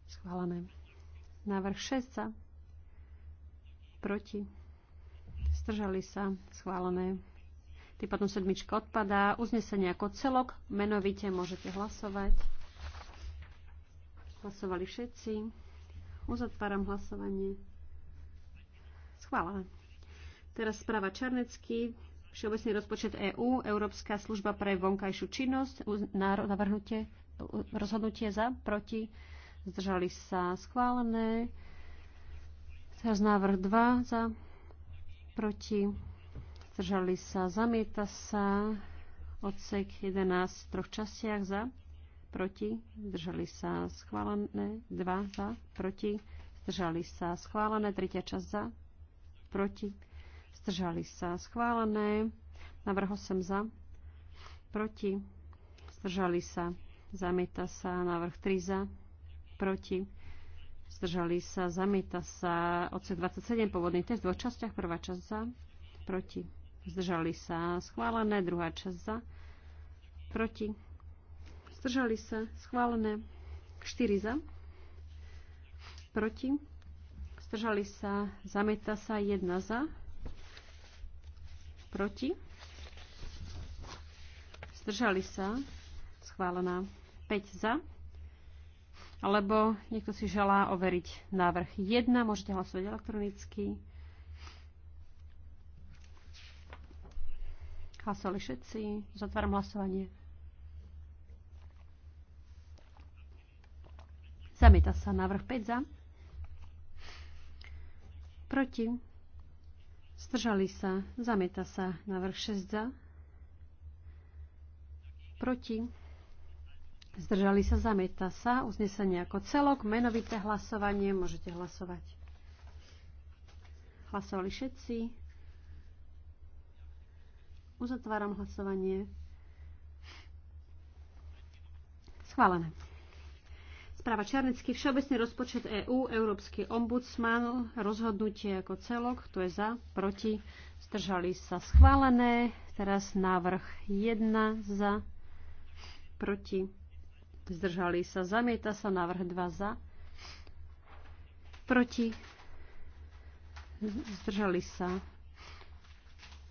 Schválené. Návrh 6 za. Proti. Zdržali sa. Schválené. Tým potom sedmička odpadá. Uznesenie ako celok. Menovite môžete hlasovať. Hlasovali všetci. Uzatváram hlasovanie. Schválené. Teraz správa Čarnecký. Všeobecný rozpočet EÚ, EU, Európska služba pre vonkajšiu činnosť, navrhnutie, rozhodnutie za, proti, zdržali sa schválené. Teraz návrh 2 za, proti, zdržali sa, zamieta sa, odsek 11 v troch častiach za, proti, zdržali sa, schválené, 2 za, proti, zdržali sa, schválené, tretia časť za, proti, zdržali sa schválené, Navrho 8 za, proti, zdržali sa, zamieta sa, návrh 3 za, proti, zdržali sa, zamieta sa, Oce 27, pôvodný test v dvoch častiach, prvá časť za, proti, zdržali sa, schválené, druhá časť za, proti, zdržali sa, schválené, 4 za, proti, zdržali sa, zamieta sa, 1 za, Proti? Zdržali sa? Schválená. 5 za. Alebo niekto si želá overiť návrh 1. Môžete hlasovať elektronicky. Hlasovali všetci. Zatváram hlasovanie. Zamieta sa návrh 5 za. Proti. Zdržali sa. zameta sa. na 6 za. Proti. Zdržali sa. zameta sa. Uznesenie ako celok. Menovité hlasovanie. Môžete hlasovať. Hlasovali všetci. Uzatváram hlasovanie. Schválené správa Čarnecký, Všeobecný rozpočet EÚ, EU, Európsky ombudsman, rozhodnutie ako celok, kto je za, proti, zdržali sa schválené. Teraz návrh 1 za, proti, zdržali sa, zamieta sa, návrh 2 za, proti, zdržali sa.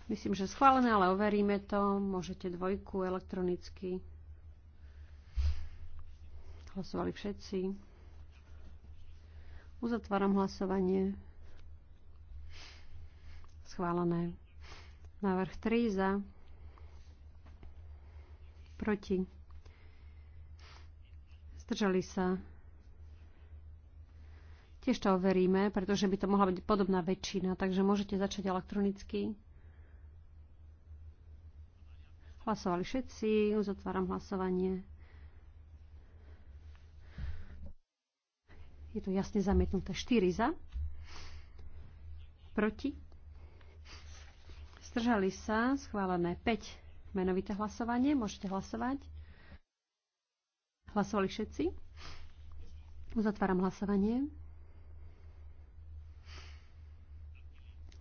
Myslím, že schválené, ale overíme to. Môžete dvojku elektronicky. Hlasovali všetci. Uzatváram hlasovanie. Schválené. Návrh 3 za. Proti. Zdržali sa. Tiež to overíme, pretože by to mohla byť podobná väčšina, takže môžete začať elektronicky. Hlasovali všetci, uzatváram hlasovanie. Je to jasne zamietnuté. 4 za. Proti. Zdržali sa. Schválené 5. Menovité hlasovanie. Môžete hlasovať. Hlasovali všetci. Uzatváram hlasovanie.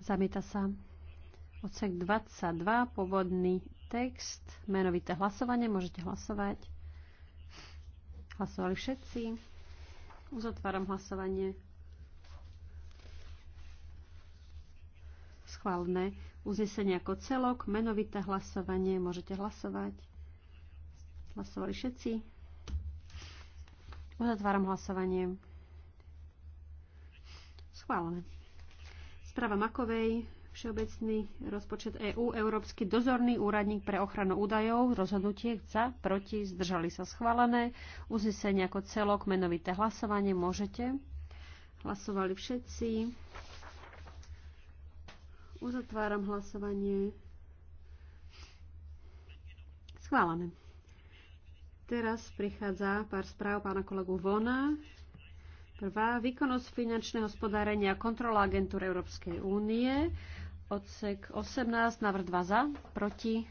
Zamieta sa odsek 22, pôvodný text, menovité hlasovanie, môžete hlasovať. Hlasovali všetci. Uzatváram hlasovanie. Schválne. Uznesenie ako celok, menovité hlasovanie. Môžete hlasovať. Hlasovali všetci. Uzatváram hlasovanie. Schválené. Správa Makovej. Všeobecný rozpočet EÚ, EU, Európsky dozorný úradník pre ochranu údajov, rozhodnutie za, proti, zdržali sa schválené, uznesenie ako celok, menovité hlasovanie, môžete. Hlasovali všetci. Uzatváram hlasovanie. Schválené. Teraz prichádza pár správ pána kolegu Vona. Prvá, výkonnosť finančného hospodárenia kontrola agentúr Európskej únie. Odsek 18, návrh 2 za, proti.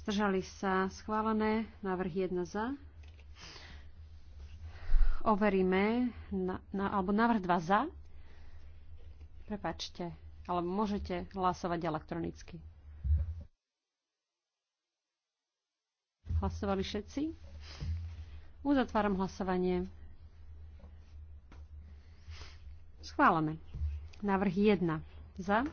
Zdržali sa schválené, návrh 1 za. Overíme, na, na, alebo návrh 2 za. Prepačte, ale môžete hlasovať elektronicky. Hlasovali všetci? Uzatváram hlasovanie. Schválené. Návrh 1. Za?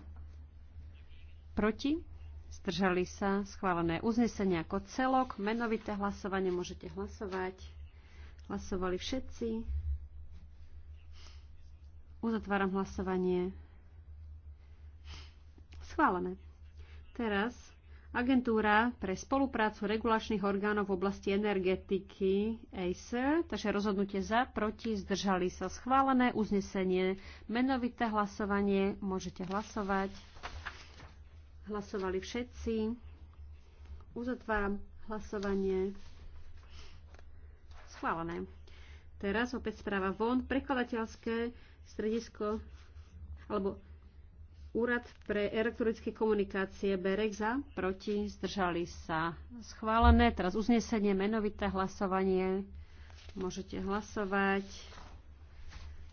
Proti? Zdržali sa schválené uznesenie ako celok. Menovité hlasovanie môžete hlasovať. Hlasovali všetci. Uzatváram hlasovanie. Schválené. Teraz Agentúra pre spoluprácu regulačných orgánov v oblasti energetiky ACER, takže rozhodnutie za, proti, zdržali sa schválené uznesenie, menovité hlasovanie, môžete hlasovať. Hlasovali všetci. Uzatváram hlasovanie. Schválené. Teraz opäť správa von, prekladateľské stredisko alebo Úrad pre elektronické komunikácie Berexa za, proti, zdržali sa. Schválené, teraz uznesenie, menovité hlasovanie. Môžete hlasovať.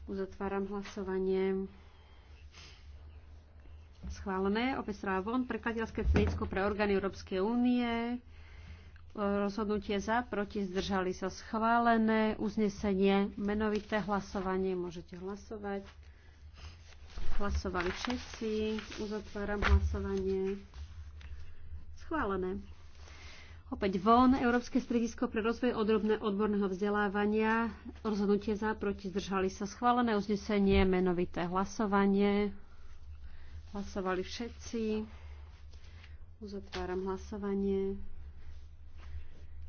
Uzatváram hlasovanie. Schválené, opäť sa von, prekladateľské stredisko pre orgány Európskej únie. Rozhodnutie za, proti, zdržali sa. Schválené, uznesenie, menovité hlasovanie. Môžete hlasovať. Hlasovali všetci. Uzatváram hlasovanie. Schválené. Opäť von. Európske stredisko pre rozvoj odrobné odborného vzdelávania. Rozhodnutie za, proti, zdržali sa. Schválené uznesenie, menovité hlasovanie. Hlasovali všetci. Uzatváram hlasovanie.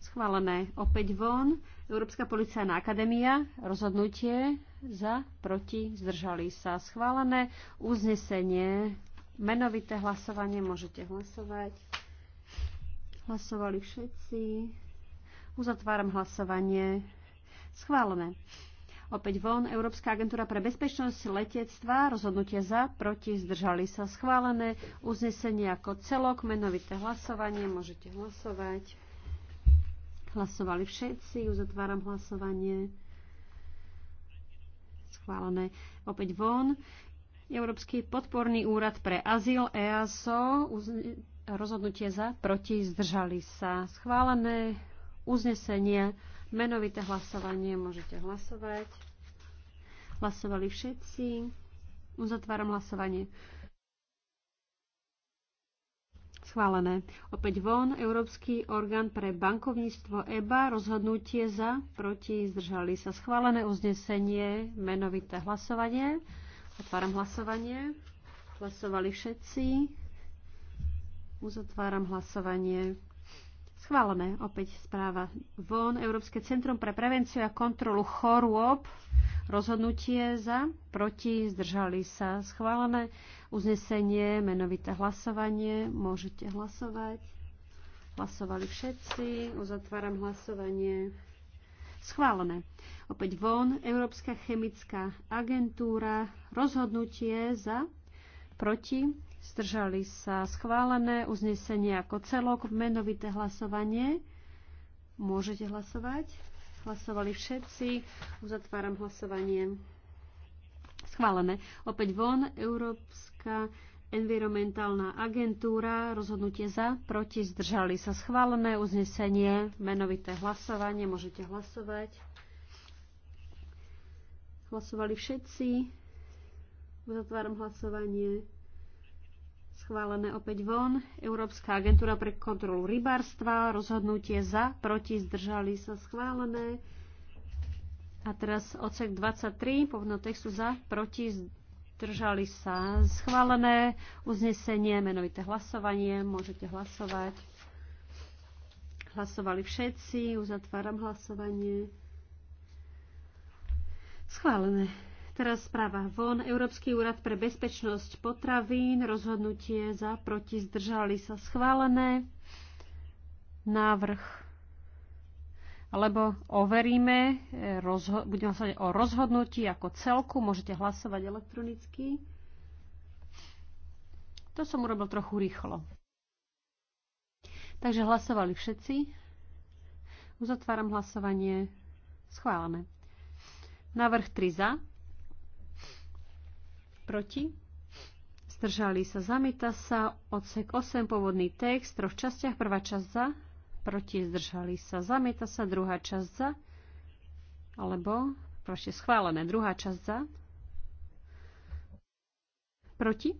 Schválené. Opäť von. Európska policajná akadémia. Rozhodnutie za, proti, zdržali sa. Schválené uznesenie, menovité hlasovanie, môžete hlasovať. Hlasovali všetci. Uzatváram hlasovanie. Schválené. Opäť von. Európska agentúra pre bezpečnosť letectva. Rozhodnutie za, proti, zdržali sa. Schválené. Uznesenie ako celok. Menovité hlasovanie. Môžete hlasovať. Hlasovali všetci. Uzatváram hlasovanie schválené opäť von. Európsky podporný úrad pre azyl EASO, rozhodnutie za, proti, zdržali sa. Schválené uznesenie, menovité hlasovanie, môžete hlasovať. Hlasovali všetci. Uzatváram hlasovanie. Schválené. Opäť von. Európsky orgán pre bankovníctvo EBA. Rozhodnutie za. Proti. Zdržali sa. Schválené uznesenie. Menovité hlasovanie. Otváram hlasovanie. Hlasovali všetci. Uzatváram hlasovanie. Schválené. Opäť správa von. Európske centrum pre prevenciu a kontrolu chorôb. Rozhodnutie za. Proti. Zdržali sa. Schválené uznesenie, menovité hlasovanie. Môžete hlasovať. Hlasovali všetci. Uzatváram hlasovanie. Schválené. Opäť von. Európska chemická agentúra. Rozhodnutie za. Proti. Zdržali sa schválené uznesenie ako celok. Menovité hlasovanie. Môžete hlasovať. Hlasovali všetci. Uzatváram hlasovanie. Schválené. Opäť von. Európska environmentálna agentúra. Rozhodnutie za. Proti. Zdržali sa. Schválené. Uznesenie. Menovité hlasovanie. Môžete hlasovať. Hlasovali všetci. Uzatváram hlasovanie schválené opäť von. Európska agentúra pre kontrolu rybárstva, rozhodnutie za, proti, zdržali sa schválené. A teraz odsek 23, povno textu za, proti, zdržali sa. Schválené uznesenie, menovité hlasovanie, môžete hlasovať. Hlasovali všetci, uzatváram hlasovanie. Schválené. Teraz správa von. Európsky úrad pre bezpečnosť potravín. Rozhodnutie za proti zdržali sa schválené. Návrh alebo overíme, e, rozho- budeme hlasovať o rozhodnutí ako celku, môžete hlasovať elektronicky. To som urobil trochu rýchlo. Takže hlasovali všetci. Uzatváram hlasovanie. Schválené. Návrh 3 za. Proti. Zdržali sa. zamýta sa. Odsek 8. Pôvodný text. troch častiach. Prvá časť za proti, zdržali sa, zamieta sa, druhá časť za, alebo, proste schválené, druhá časť za, proti,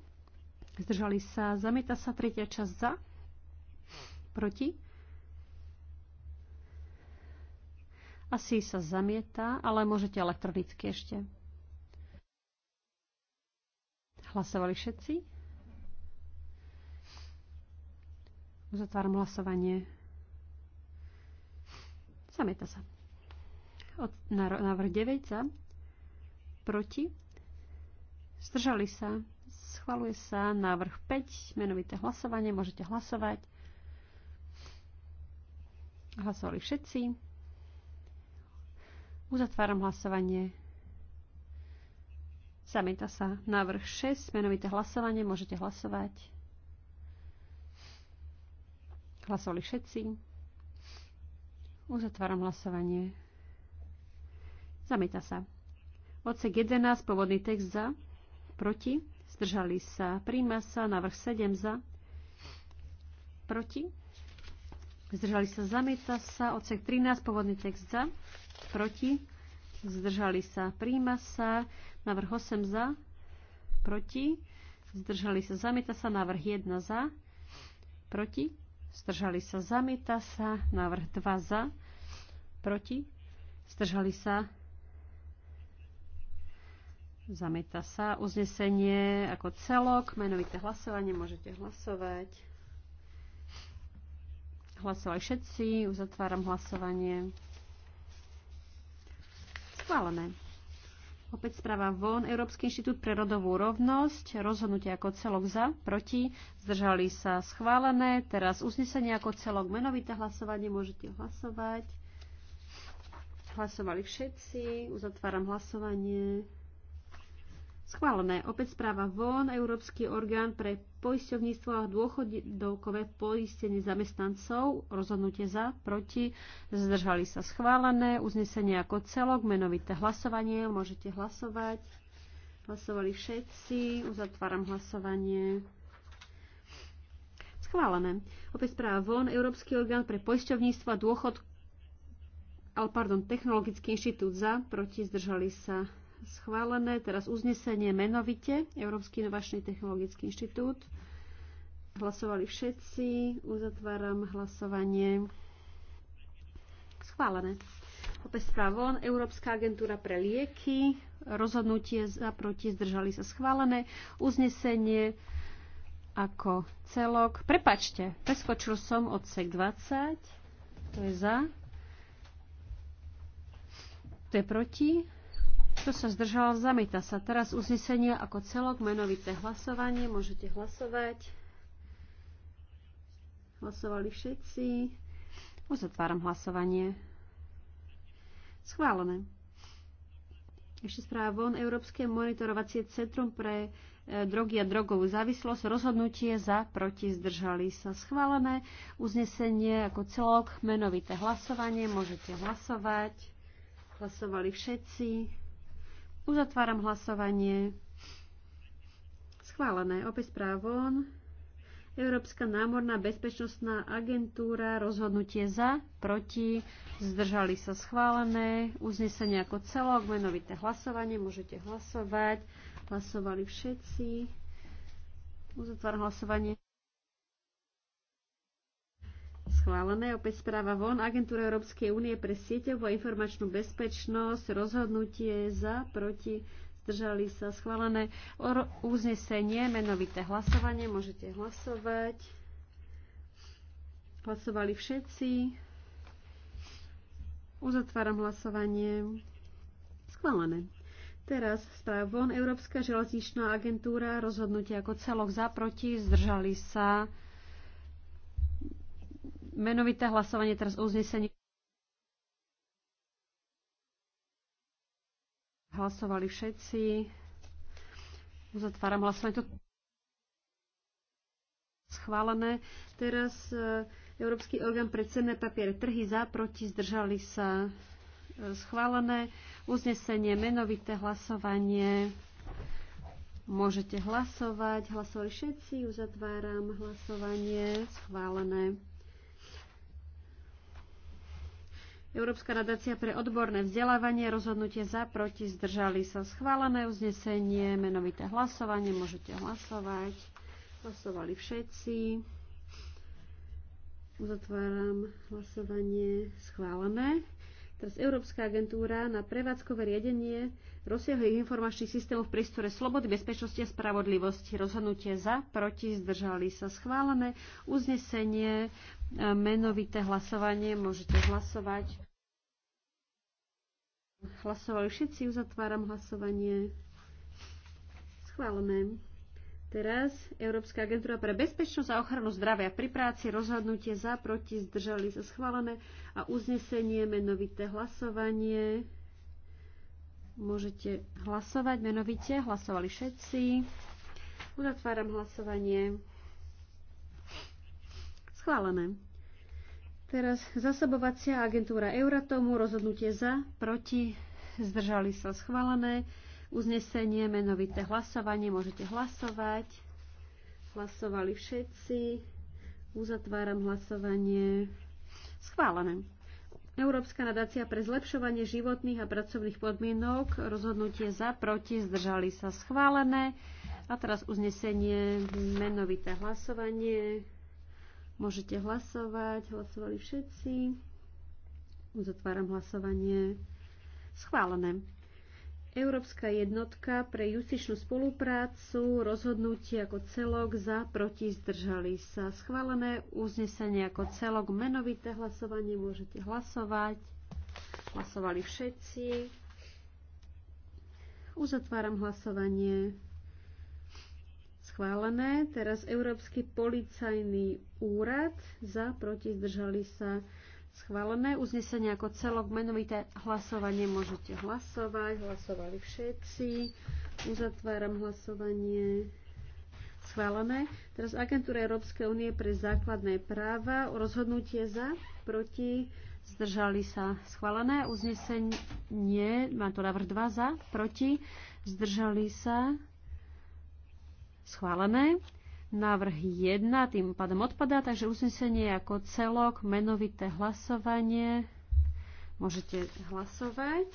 zdržali sa, zamieta sa, tretia časť za, proti, asi sa zamieta, ale môžete elektronicky ešte. Hlasovali všetci? Uzatváram hlasovanie. Zameta sa. Od, návrh 9 za. Proti. Zdržali sa. Schvaluje sa návrh 5. Menovité hlasovanie. Môžete hlasovať. Hlasovali všetci. Uzatváram hlasovanie. Zamieta sa návrh 6, menovité hlasovanie, môžete hlasovať. Hlasovali všetci. Uzatváram hlasovanie. Zamieta sa. Odsek 11, pôvodný text za, proti, zdržali sa, príjma sa, návrh 7 za, proti, zdržali sa, zamieta sa, odsek 13, pôvodný text za, proti, zdržali sa, príjma sa, návrh 8 za, proti, zdržali sa, zamieta sa, návrh 1 za, proti, Zdržali sa. Zamieta sa. Návrh 2 za. Proti. Zdržali sa. Zamieta sa. Uznesenie ako celok. Menovité hlasovanie. Môžete hlasovať. Hlasovali všetci. Uzatváram hlasovanie. Schválené. Opäť správa von. Európsky inštitút pre rodovú rovnosť. Rozhodnutie ako celok za, proti. Zdržali sa schválené. Teraz uznesenie ako celok menovité hlasovanie. Môžete hlasovať. Hlasovali všetci. Uzatváram hlasovanie. Schválené. Opäť správa von, Európsky orgán pre poisťovníctvo a dôchodovkové poistenie zamestnancov. Rozhodnutie za, proti. Zdržali sa schválené. Uznesenie ako celok, menovité hlasovanie. Môžete hlasovať. Hlasovali všetci. Uzatváram hlasovanie. Schválené. Opäť správa von, Európsky orgán pre poisťovníctvo a dôchod, ale pardon, Technologický inštitút za, proti, zdržali sa schválené. Teraz uznesenie menovite. Európsky inovačný technologický inštitút. Hlasovali všetci. Uzatváram hlasovanie. Schválené. Opäť správa Európska agentúra pre lieky. Rozhodnutie za proti zdržali sa schválené. Uznesenie ako celok. Prepačte, preskočil som odsek 20. To je za. To je proti. Kto sa zdržal? Zamieta sa. Teraz uznesenie ako celok, menovité hlasovanie. Môžete hlasovať. Hlasovali všetci. Uzatváram hlasovanie. Schválené. Ešte správa von Európske monitorovacie centrum pre e, drogy a drogovú závislosť, rozhodnutie za, proti, zdržali sa schválené, uznesenie ako celok, menovité hlasovanie, môžete hlasovať, hlasovali všetci. Uzatváram hlasovanie. Schválené. Opäť právo. Európska námorná bezpečnostná agentúra, rozhodnutie za, proti, zdržali sa schválené, uznesenie ako celok, menovité hlasovanie, môžete hlasovať, hlasovali všetci, uzatváram hlasovanie schválené. Opäť správa von. Agentúra Európskej únie pre sieťovú a informačnú bezpečnosť. Rozhodnutie za, proti, zdržali sa schválené. O uznesenie, menovité hlasovanie. Môžete hlasovať. Hlasovali všetci. Uzatváram hlasovanie. Schválené. Teraz správa von. Európska železničná agentúra rozhodnutie ako celok za proti. Zdržali sa. Menovité hlasovanie teraz uznesenie. Hlasovali všetci. Uzatváram hlasovanie. To schválené. Teraz e, Európsky orgán pre cenné papiere trhy za, proti, zdržali sa e, schválené. Uznesenie, menovité hlasovanie. Môžete hlasovať. Hlasovali všetci. Uzatváram hlasovanie. Schválené. Európska nadácia pre odborné vzdelávanie, rozhodnutie za, proti, zdržali sa. Schválené uznesenie, menovité hlasovanie, môžete hlasovať. Hlasovali všetci. Uzatváram hlasovanie schválené. Teraz Európska agentúra na prevádzkové riadenie rozsiahlých informačných systémov v priestore slobody, bezpečnosti a spravodlivosti. Rozhodnutie za, proti, zdržali sa schválené. Uznesenie, menovité hlasovanie, môžete hlasovať. Hlasovali všetci, uzatváram hlasovanie. Schválené. Teraz Európska agentúra pre bezpečnosť a ochranu zdravia pri práci rozhodnutie za, proti, zdržali sa schválené a uznesenie menovité hlasovanie. Môžete hlasovať menovite, hlasovali všetci. Uzatváram hlasovanie. Schválené. Teraz zasobovacia agentúra Euratomu, rozhodnutie za, proti, zdržali sa schválené. Uznesenie, menovité hlasovanie, môžete hlasovať. Hlasovali všetci. Uzatváram hlasovanie. Schválené. Európska nadácia pre zlepšovanie životných a pracovných podmienok, rozhodnutie za, proti, zdržali sa schválené. A teraz uznesenie, menovité hlasovanie. Môžete hlasovať. Hlasovali všetci. Uzatváram hlasovanie. Schválené. Európska jednotka pre justičnú spoluprácu, rozhodnutie ako celok za, proti, zdržali sa. Schválené uznesenie ako celok, menovité hlasovanie, môžete hlasovať. Hlasovali všetci. Uzatváram hlasovanie schválené. Teraz Európsky policajný úrad za, proti, zdržali sa schválené. Uznesenie ako celok, menovité hlasovanie môžete hlasovať. Hlasovali všetci. Uzatváram hlasovanie. Schválené. Teraz Agentúra Európskej únie pre základné práva. Rozhodnutie za, proti, zdržali sa schválené. Uznesenie, má to návrh 2 za, proti, zdržali sa Schválené. Návrh 1 tým pádom odpadá, takže uznesenie ako celok, menovité hlasovanie. Môžete hlasovať.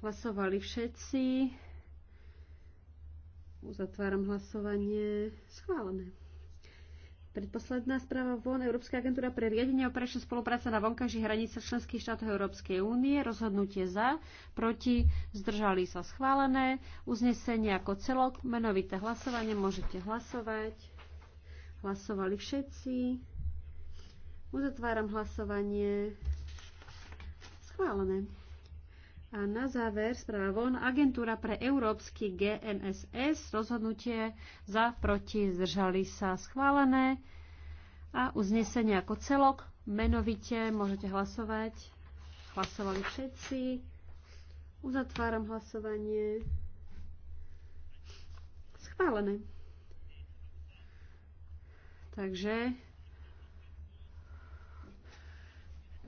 Hlasovali všetci. Uzatváram hlasovanie. Schválené. Predposledná správa von Európska agentúra pre riadenie operačnej spolupráce na vonkajších hranicách členských štátov Európskej únie. Rozhodnutie za, proti, zdržali sa schválené. Uznesenie ako celok, menovité hlasovanie, môžete hlasovať. Hlasovali všetci. Uzatváram hlasovanie. Schválené. A na záver správa von agentúra pre európsky GNSS rozhodnutie za proti zdržali sa schválené a uznesenie ako celok menovite môžete hlasovať. Hlasovali všetci. Uzatváram hlasovanie. Schválené. Takže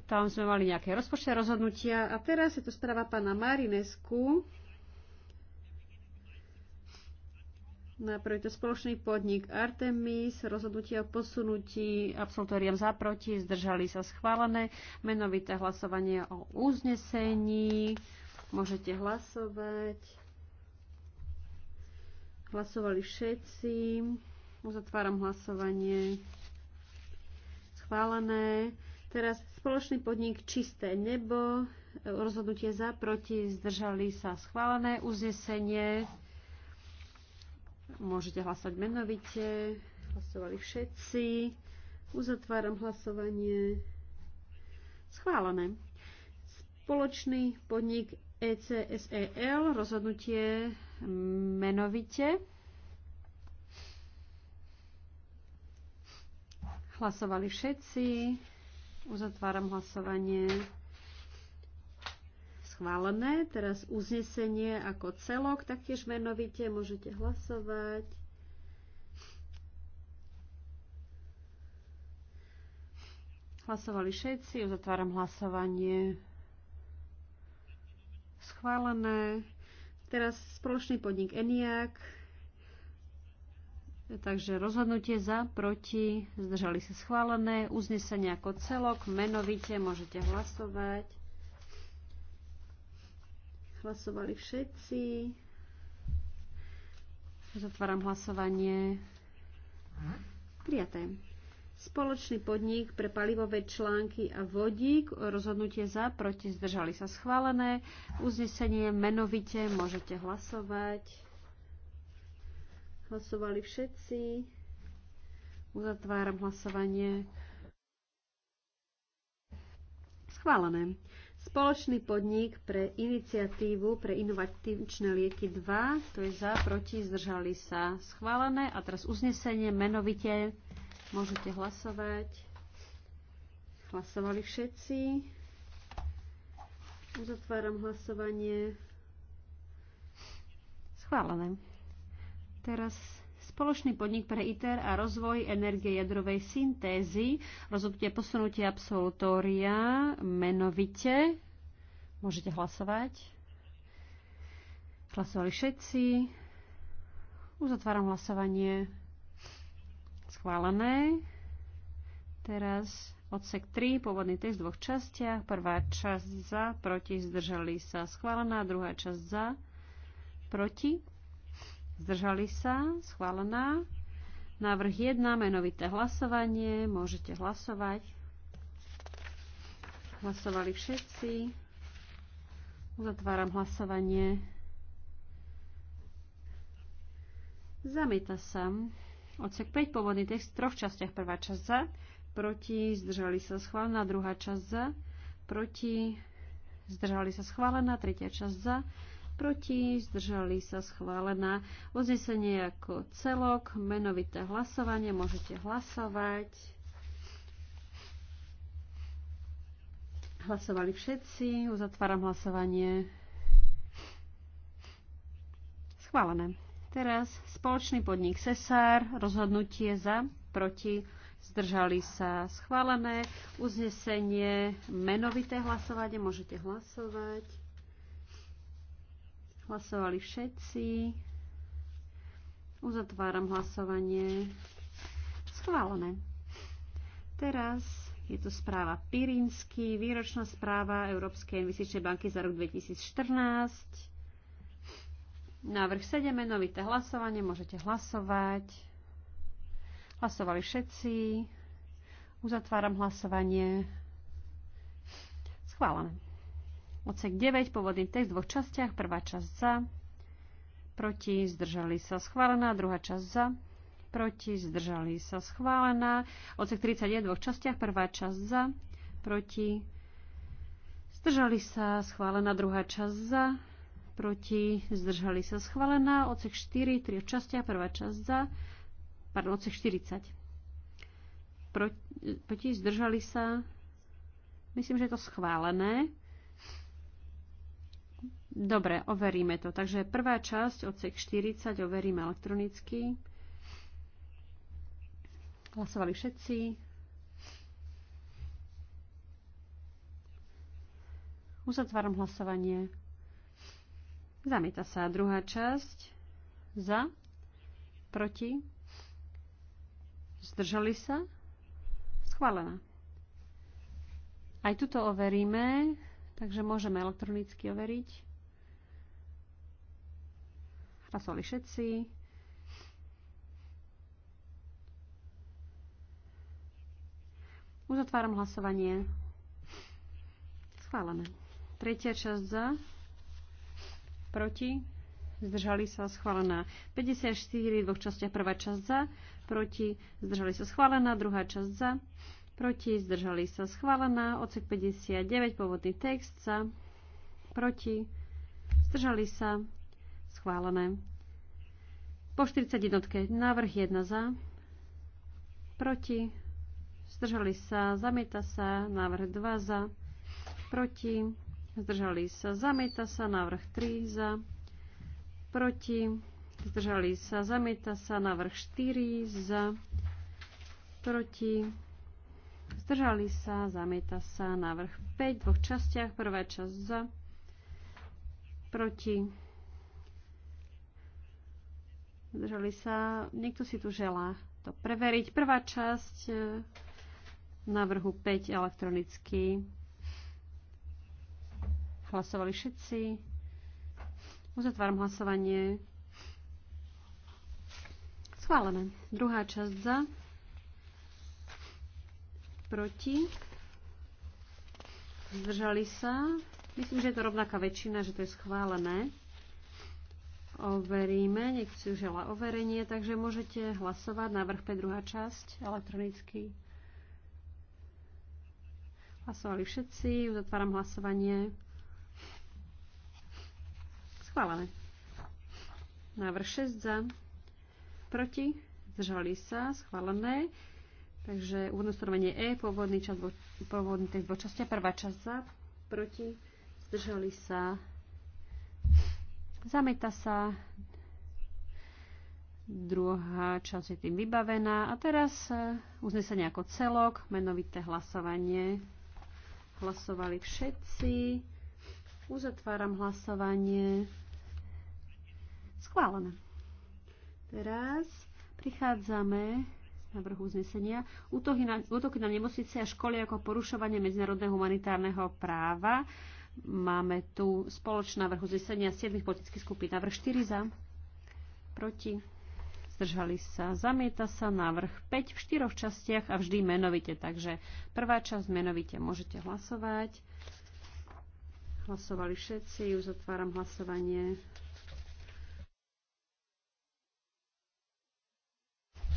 Tam sme mali nejaké rozpočtové rozhodnutia. A teraz je to správa pána Marinesku. na to spoločný podnik Artemis, rozhodnutie o posunutí absolutóriam za proti, zdržali sa schválené, menovité hlasovanie o uznesení, môžete hlasovať. Hlasovali všetci. Uzatváram hlasovanie. Schválené. Teraz spoločný podnik Čisté nebo, rozhodnutie za, proti, zdržali sa schválené uznesenie. Môžete hlasovať menovite. Hlasovali všetci. Uzatváram hlasovanie. Schválené. Spoločný podnik ECSEL, rozhodnutie menovite. Hlasovali všetci. Uzatváram hlasovanie. Schválené. Teraz uznesenie ako celok, taktiež menovite môžete hlasovať. Hlasovali všetci, uzatváram hlasovanie. Schválené. Teraz spoločný podnik ENIAC. Takže rozhodnutie za, proti, zdržali sa schválené, uznesenie ako celok, menovite môžete hlasovať. Hlasovali všetci. Zatváram hlasovanie. Prijaté. Spoločný podnik pre palivové články a vodík, rozhodnutie za, proti, zdržali sa schválené, uznesenie menovite môžete hlasovať. Hlasovali všetci. Uzatváram hlasovanie. Schválené. Spoločný podnik pre iniciatívu pre inovatívne lieky 2, to je za, proti, zdržali sa schválené. A teraz uznesenie menovite. Môžete hlasovať. Hlasovali všetci. Uzatváram hlasovanie. Schválené. Teraz spoločný podnik pre ITER a rozvoj energie jadrovej syntézy, rozhodnutie posunutie absolutória, menovite. Môžete hlasovať. Hlasovali všetci. Uzatváram hlasovanie. Schválené. Teraz odsek 3, pôvodný text v dvoch častiach. Prvá časť za, proti, zdržali sa. Schválená, druhá časť za, proti Zdržali sa? Schválená. Návrh 1, menovité hlasovanie. Môžete hlasovať. Hlasovali všetci. Uzatváram hlasovanie. Zamieta sa. Odsek 5, pôvodný text v troch častiach. Prvá časť za, proti, zdržali sa schválená. Druhá časť za, proti, zdržali sa schválená. Tretia časť za, proti, zdržali sa schválená. Uznesenie ako celok, menovité hlasovanie, môžete hlasovať. Hlasovali všetci, uzatváram hlasovanie. Schválené. Teraz spoločný podnik Sesár, rozhodnutie za, proti, zdržali sa schválené. Uznesenie, menovité hlasovanie, môžete hlasovať. Hlasovali všetci. Uzatváram hlasovanie. Schválené. Teraz je to správa Pirinsky, výročná správa Európskej investičnej banky za rok 2014. Návrh 7, menovité hlasovanie, môžete hlasovať. Hlasovali všetci. Uzatváram hlasovanie. Schválené. Odsek 9, pôvodný text v dvoch častiach. Prvá časť za, proti, zdržali sa schválená. Druhá časť za, proti, zdržali sa schválená. Odsek 31 v dvoch častiach. Prvá časť za, proti, zdržali sa schválená. Druhá časť za, proti, zdržali sa schválená. Odsek 4, 3 častiach. Prvá časť za, pardon, odsek 40. Proti, proti zdržali sa, myslím, že je to schválené. Dobre, overíme to. Takže prvá časť, odsek 40, overíme elektronicky. Hlasovali všetci. Uzatváram hlasovanie. Zamieta sa druhá časť. Za. Proti. Zdržali sa. Schválená. Aj tuto overíme, takže môžeme elektronicky overiť pasovali všetci. Uzatváram hlasovanie. Schválené. Tretia časť za. Proti. Zdržali sa schválená. 54 dvoch častiach. Prvá časť za. Proti. Zdržali sa schválená. Druhá časť za. Proti. Zdržali sa schválená. ocek 59. Pôvodný text za. Proti. Zdržali sa. Schválené. Po 41. Návrh 1 za. Proti. Zdržali sa. Zamieta sa. Návrh 2 za. Proti. Zdržali sa. Zamieta sa. Návrh 3 za. Proti. Zdržali sa. Zamieta sa. Návrh 4 za. Proti. Zdržali sa. Zamieta sa. Návrh 5 v dvoch častiach. Prvá časť za. Proti Zdržali sa. Niekto si tu želá to preveriť. Prvá časť e, návrhu 5 elektronicky. Hlasovali všetci. Uzatváram hlasovanie. Schválené. Druhá časť za. Proti. Zdržali sa. Myslím, že je to rovnaká väčšina, že to je schválené overíme. nech si už žela overenie, takže môžete hlasovať. Návrh P, druhá časť, elektronicky. Hlasovali všetci. Uzatváram hlasovanie. Schválené. Návrh 6 za. Proti. Zdržali sa. Schválené. Takže úvodné stanovenie E, pôvodný, čas, pôvodný text dvočastia, prvá časť za, proti, zdržali sa, Zameta sa. Druhá časť je tým vybavená. A teraz e, uznesenie ako celok, menovité hlasovanie. Hlasovali všetci. Uzatváram hlasovanie. Schválené. Teraz prichádzame na vrhu uznesenia. Útoky na, útoky na nemocnice a školy ako porušovanie medzinárodného humanitárneho práva. Máme tu spoločná návrh zesenia 7 politických skupín. Návrh 4 za, proti, zdržali sa, zamieta sa. Návrh 5 v štyroch častiach a vždy menovite. Takže prvá časť menovite môžete hlasovať. Hlasovali všetci, už otváram hlasovanie.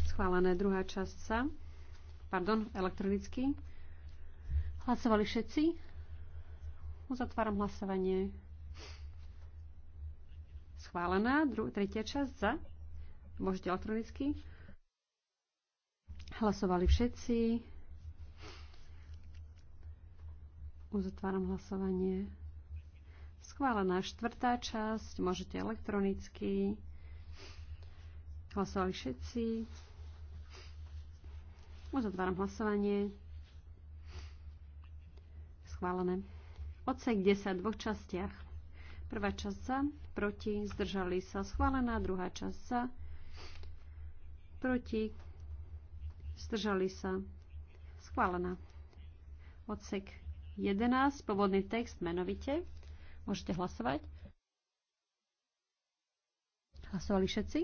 Schválené druhá časť sa. Pardon, elektronicky. Hlasovali všetci? Uzatváram hlasovanie. Schválená. Dru- tretia časť za. Môžete elektronicky. Hlasovali všetci. Uzatváram hlasovanie. Schválená štvrtá časť. Môžete elektronicky. Hlasovali všetci. Uzatváram hlasovanie. Schválené. Odsek 10 v dvoch častiach. Prvá časť za, proti, zdržali sa, schválená. Druhá časť za, proti, zdržali sa, schválená. Odsek 11, pôvodný text menovite. Môžete hlasovať. Hlasovali všetci?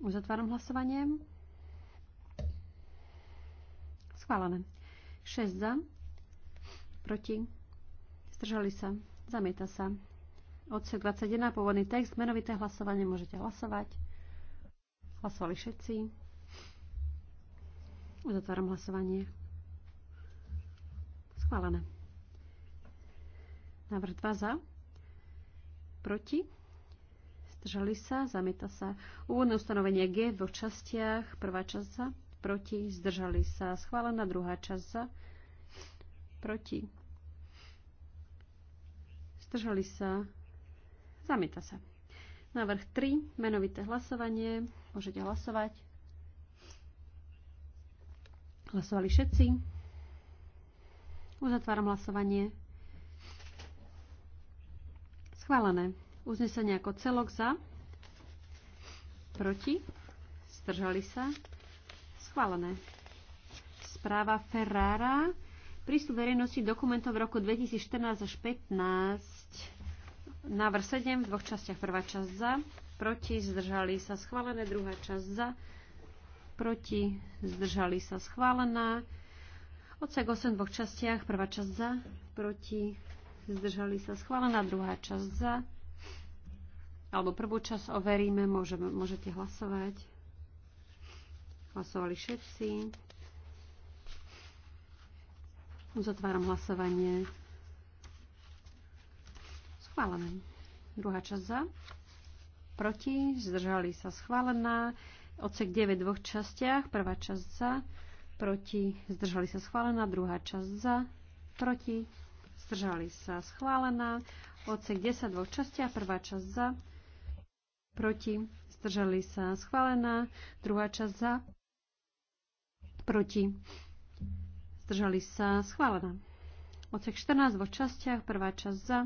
Uzatváram hlasovanie. Schválené. 6 za, Proti? Zdržali sa. Zamieta sa. Odsek 21, pôvodný text, menovité hlasovanie, môžete hlasovať. Hlasovali všetci. Uzatváram hlasovanie. Schválené. Návrh 2 za. Proti. Zdržali sa. Zamieta sa. Úvodné ustanovenie G v dvoch častiach. Prvá časť za. Proti. Zdržali sa. Schválená druhá časť za Proti. Zdržali sa. Zamieta sa. Návrh 3. Menovité hlasovanie. Môžete hlasovať. Hlasovali všetci. Uzatváram hlasovanie. Schválené. Uznesenie ako celok za. Proti. Zdržali sa. Schválené. Správa Ferrara. Prístup verejnosti dokumentov v roku 2014 až 15. Návrh 7 v dvoch častiach. Prvá časť za, proti, zdržali sa schválené. Druhá časť za, proti, zdržali sa schválená. Odsek 8 v dvoch častiach. Prvá časť za, proti, zdržali sa schválená. Druhá časť za, alebo prvú časť overíme, môžeme, môžete hlasovať. Hlasovali všetci. Uzatváram hlasovanie. Schválené. Druhá časť za. Proti. Zdržali sa schválená. Odsek 9 v dvoch častiach. Prvá časť za. Proti. Zdržali sa schválená. Druhá časť za. Proti. Zdržali sa schválená. Odsek 10 v dvoch častiach. Prvá časť za. Proti. Zdržali sa schválená. Druhá časť za. Proti zdržali sa, schválená. Odsek 14 vo častiach, prvá časť za,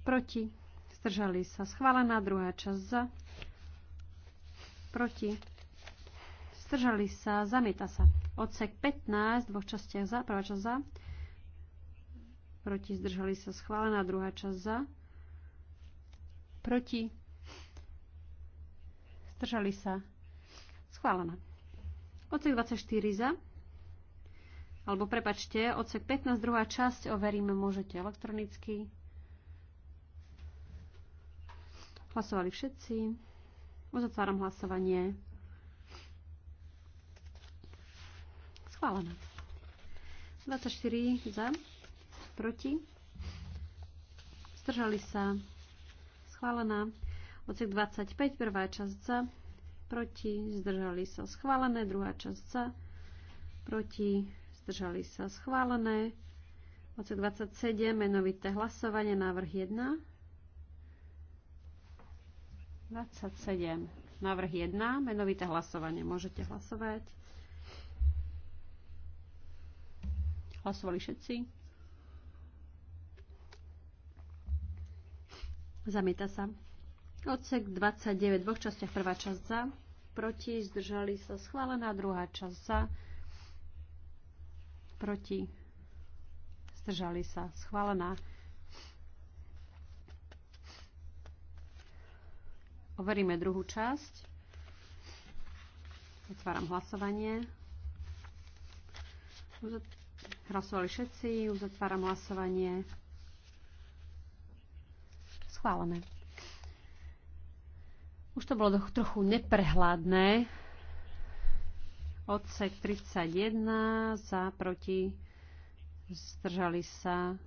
proti, zdržali sa, schválená, druhá časť za, proti, zdržali sa, zamieta sa. Odsek 15 vo častiach za, prvá časť za, proti, zdržali sa, schválená, druhá časť za, proti, zdržali sa, schválená. Odsek 24 za, alebo prepačte, odsek 15, druhá časť, overíme, môžete elektronicky. Hlasovali všetci. Uzatváram hlasovanie. Schválené. 24 za, proti. Zdržali sa. Schválená. Odsek 25, prvá časť za, proti. Zdržali sa. Schválené, druhá časť za, proti zdržali sa schválené. Odsek 27, menovité hlasovanie, návrh 1. 27, návrh 1, menovité hlasovanie, môžete hlasovať. Hlasovali všetci? Zamieta sa. Odsek 29, v dvoch častiach, prvá časť za, proti, zdržali sa schválená, druhá časť za, proti, zdržali sa, schválená. Overíme druhú časť. Otváram hlasovanie. Hlasovali všetci, uzatváram hlasovanie. Schválené. Už to bolo trochu neprehľadné, Odsek 31 za, proti, zdržali sa.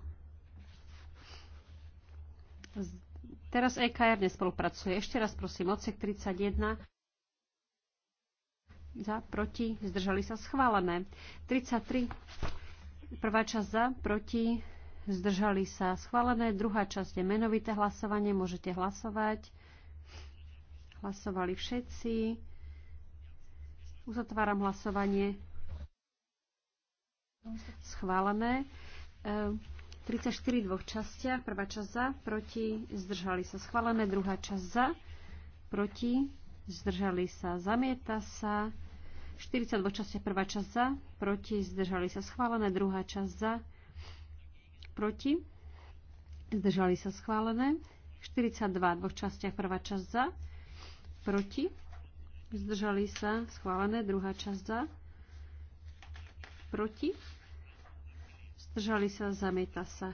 Teraz EKR nespolupracuje. Ešte raz prosím, odsek 31 za, proti, zdržali sa, schválené. 33, prvá časť za, proti, zdržali sa, schválené. Druhá časť je menovité hlasovanie, môžete hlasovať. Hlasovali všetci. Uzatváram hlasovanie. Schválené. 34 e, dvoch častiach. Prvá časť za, proti, zdržali sa. Schválené. Druhá časť za, proti, zdržali sa. Zamieta sa. 42 častiach prvá časť za, proti, zdržali sa. Schválené. Druhá časť za, proti, zdržali sa. Schválené. 42 dvoch častiach prvá časť za, proti, Zdržali sa. Schválené. Druhá časť za. Proti. Zdržali sa. Zamieta sa.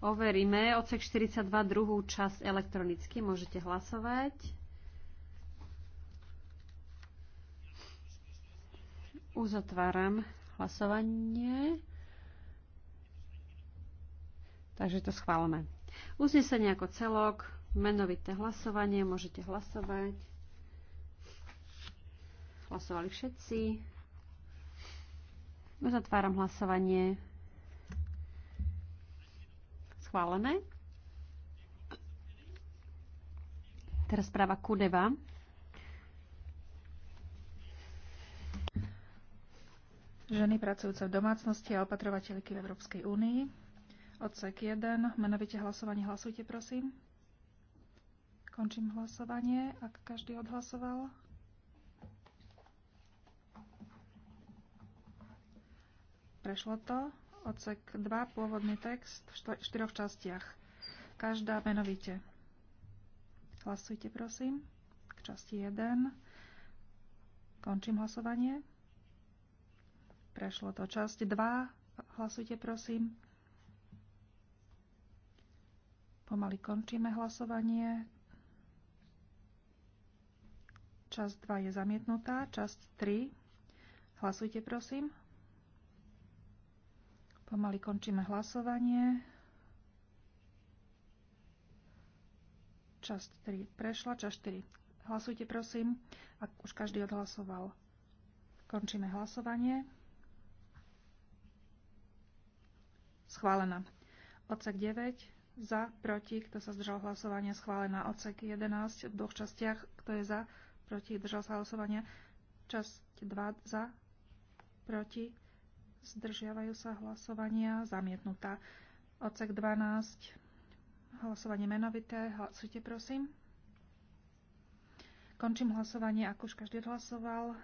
Overíme. Odsek 42, druhú časť elektronicky. Môžete hlasovať. Uzatváram hlasovanie. Takže to schválame. Uznesenie ako celok. Menovité hlasovanie, môžete hlasovať. Hlasovali všetci. Zatváram hlasovanie. Schválené. Teraz správa Kudeva. Ženy pracujúce v domácnosti a opatrovateľky v Európskej únii. Odsek 1. Menovite hlasovanie hlasujte, prosím. Končím hlasovanie, ak každý odhlasoval. Prešlo to. Odsek 2, pôvodný text v štyroch častiach. Každá menovite. Hlasujte, prosím. K časti 1. Končím hlasovanie. Prešlo to. Časť 2. Hlasujte, prosím. Pomaly končíme hlasovanie. Časť 2 je zamietnutá. Časť 3. Hlasujte, prosím. Pomaly končíme hlasovanie. Časť 3 prešla. Časť 4. Hlasujte, prosím. Ak už každý odhlasoval. Končíme hlasovanie. Schválená. Odsek 9. Za, proti, kto sa zdržal hlasovania, schválená. Odsek 11 v dvoch častiach, kto je za, proti, zdržal sa hlasovania. Časť 2 za, proti, zdržiavajú sa hlasovania, zamietnutá. Odsek 12, hlasovanie menovité, hlasujte prosím. Končím hlasovanie, ako už každý hlasoval.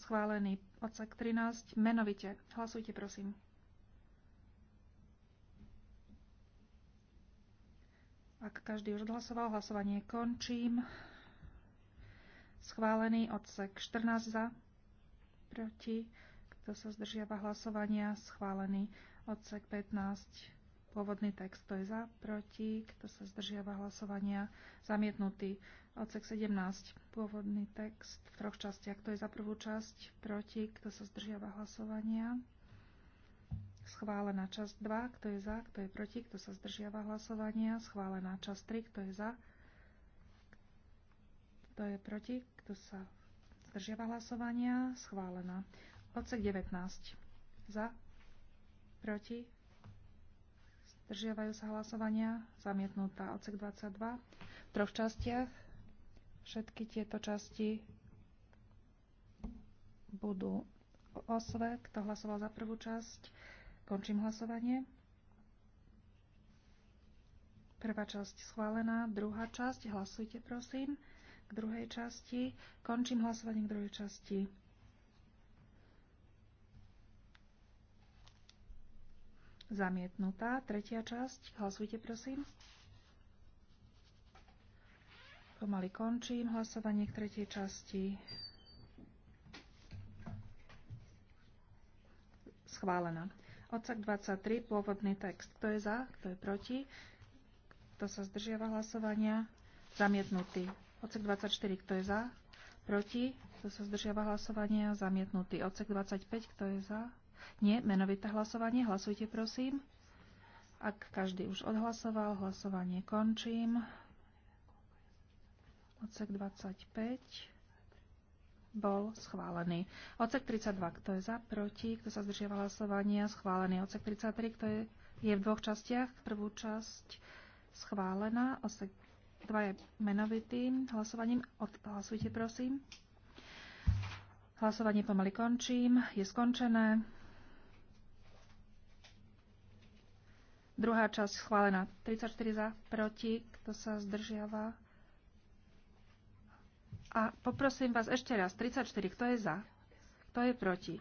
Schválený odsek 13, menovite, hlasujte prosím. Ak každý už odhlasoval, hlasovanie končím. Schválený odsek 14 za, proti, kto sa zdržiava hlasovania, schválený odsek 15, pôvodný text, to je za, proti, kto sa zdržiava hlasovania, zamietnutý odsek 17, pôvodný text v troch častiach, to je za prvú časť, proti, kto sa zdržiava hlasovania, schválená časť 2, kto je za, kto je proti, kto sa zdržiava hlasovania, schválená časť 3, kto je za, kto je proti, kto sa zdržiava hlasovania, schválená. Odsek 19. Za, proti, zdržiavajú sa hlasovania, zamietnutá. Odsek 22. V troch častiach všetky tieto časti budú osve, kto hlasoval za prvú časť, Končím hlasovanie. Prvá časť schválená, druhá časť, hlasujte prosím. K druhej časti, končím hlasovanie k druhej časti. Zamietnutá, tretia časť, hlasujte prosím. Pomaly končím hlasovanie k tretej časti. Schválená. Odsak 23, pôvodný text. Kto je za, kto je proti, kto sa zdržiava hlasovania, zamietnutý. Odsek 24, kto je za, proti, kto sa zdržiava hlasovania, zamietnutý. Odsek 25, kto je za, nie, menovité hlasovanie, hlasujte prosím. Ak každý už odhlasoval, hlasovanie končím. Odsek 25 bol schválený. Odsek 32, kto je za, proti, kto sa zdržiava hlasovania, schválený. Odsek 33, kto je, je v dvoch častiach. Prvú časť schválená, odsek 2 je menovitým hlasovaním. Hlasujte, prosím. Hlasovanie pomaly končím. Je skončené. Druhá časť schválená. 34 za, proti, kto sa zdržiava a poprosím vás ešte raz, 34, kto je za? Kto je proti?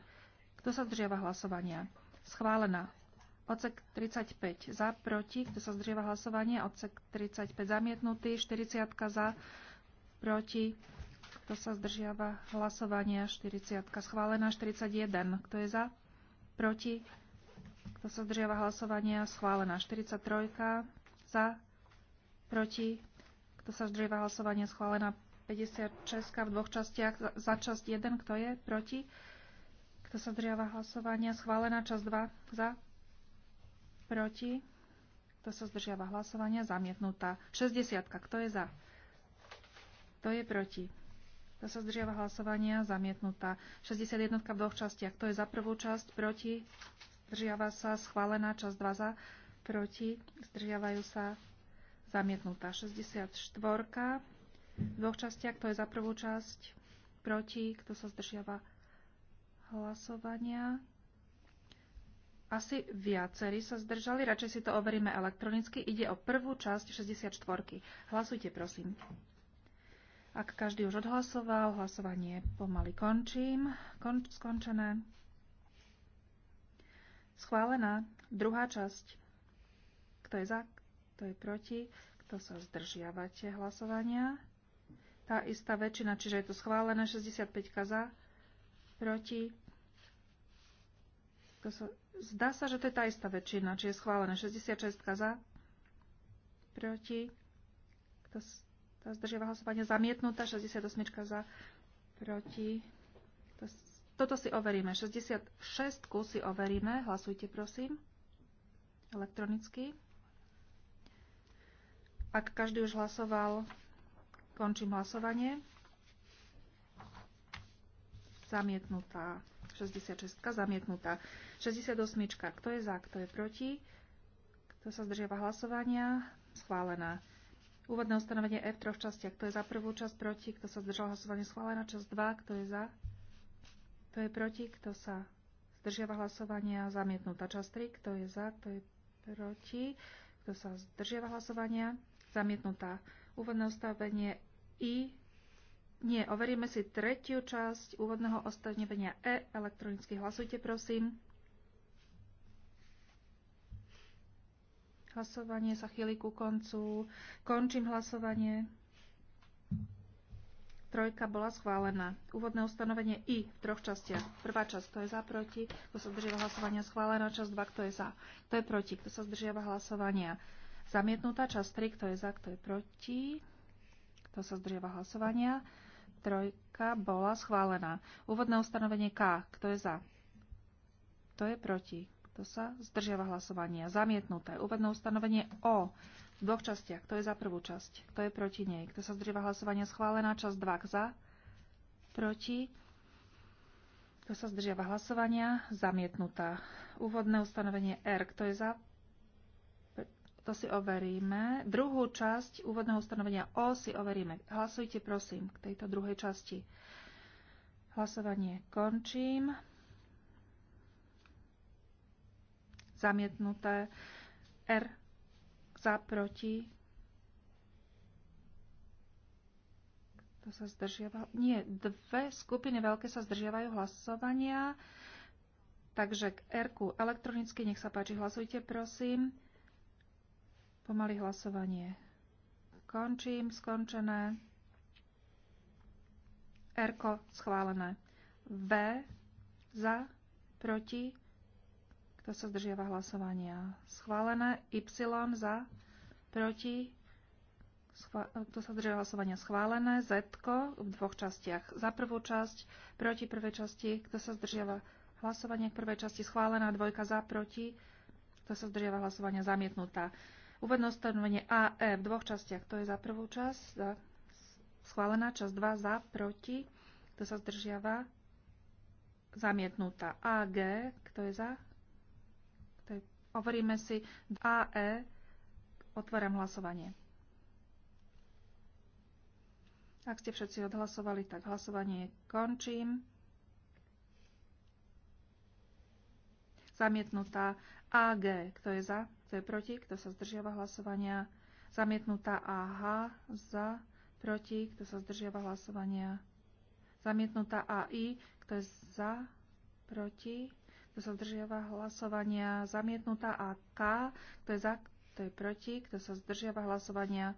Kto sa zdržiava hlasovania? Schválená. Odsek 35 za, proti. Kto sa zdržiava hlasovania? Odsek 35 zamietnutý. 40 za, proti. Kto sa zdržiava hlasovania? 40 schválená. 41. Kto je za? Proti. Kto sa zdržiava hlasovania? Schválená. 43 za, proti. Kto sa zdržiava hlasovania? Schválená. 56 v dvoch častiach. Za časť 1, kto je proti? Kto sa zdržiava hlasovania? Schválená časť 2 za? Proti? Kto sa zdržiava hlasovania? Zamietnutá. 60. Kto je za? Kto je proti? Kto sa zdržiava hlasovania? Zamietnutá. 61. v dvoch častiach. Kto je za prvú časť? Proti? Zdržiava sa. Schválená časť 2 za? Proti? Zdržiavajú sa. Zamietnutá. 64 v dvoch častiach. To je za prvú časť proti, kto sa zdržiava hlasovania. Asi viacerí sa zdržali, radšej si to overíme elektronicky. Ide o prvú časť 64. Hlasujte, prosím. Ak každý už odhlasoval, hlasovanie pomaly končím. Kon- skončené. Schválená druhá časť. Kto je za, kto je proti, kto sa zdržiavate hlasovania tá istá väčšina, čiže je to schválené 65 za, proti. To sa, zdá sa, že to je tá istá väčšina, čiže je schválené 66 za, proti. Kto sa zdržiava hlasovanie zamietnutá, 68 za, proti. Kto, toto si overíme. 66 si overíme. Hlasujte, prosím. Elektronicky. Ak každý už hlasoval, Končím hlasovanie. Zamietnutá. 66. Zamietnutá. 68. Kto je za, kto je proti? Kto sa zdržiava hlasovania? Schválená. Úvodné ustanovenie F v častiach. Kto je za prvú časť proti? Kto sa zdržal hlasovania? Schválená. Časť 2. Kto je za? Kto je proti? Kto sa zdržiava hlasovania? Zamietnutá. Časť 3. Kto je za? Kto je proti? Kto sa zdržiava hlasovania? Zamietnutá úvodné ostavenie I. Nie, overíme si tretiu časť úvodného ostavenia E. Elektronicky hlasujte, prosím. Hlasovanie sa chýli ku koncu. Končím hlasovanie. Trojka bola schválená. Úvodné ustanovenie I v troch častiach. Prvá časť, kto je za, proti, kto sa zdržiava hlasovania, schválená časť 2, kto je za, kto je proti, kto sa zdržiava hlasovania, Zamietnutá časť 3, kto je za, kto je proti, kto sa zdržiava hlasovania. Trojka bola schválená. Úvodné ustanovenie K, kto je za, kto je proti, kto sa zdržiava hlasovania. Zamietnuté. Úvodné ustanovenie O v dvoch častiach. Kto je za prvú časť, kto je proti nej, kto sa zdržiava hlasovania. Schválená časť 2, za, proti, kto sa zdržiava hlasovania, zamietnutá. Úvodné ustanovenie R, kto je za, to si overíme. Druhú časť úvodného ustanovenia O si overíme. Hlasujte prosím k tejto druhej časti. Hlasovanie končím. Zamietnuté. R za proti. To sa zdržiava. Nie, dve skupiny veľké sa zdržiavajú hlasovania. Takže k R elektronicky, nech sa páči, hlasujte prosím. Pomaly hlasovanie. Končím, skončené. Erko schválené. V za, proti, kto sa zdržiava hlasovania. Schválené. Y za, proti, to sa zdržiava hlasovania schválené, Z v dvoch častiach. Za prvú časť, proti prvej časti, kto sa zdržiava hlasovania k prvej časti schválená, dvojka za, proti, kto sa zdržiava hlasovania zamietnutá. Úvodné ustanovenie AE v dvoch častiach. To je za prvú časť, za schválená časť 2 za, proti, kto sa zdržiava, zamietnutá. AG, kto je za? Kto je, overíme si A E. otváram hlasovanie. Ak ste všetci odhlasovali, tak hlasovanie končím. Zamietnutá AG, kto je za? Kto je proti? Kto sa zdržiava hlasovania? Zamietnutá AH za, proti, kto sa zdržiava hlasovania. Zamietnutá AI, kto je za, proti, kto sa zdržiava hlasovania. Zamietnutá AK, kto je za, kto je proti, kto sa zdržiava hlasovania.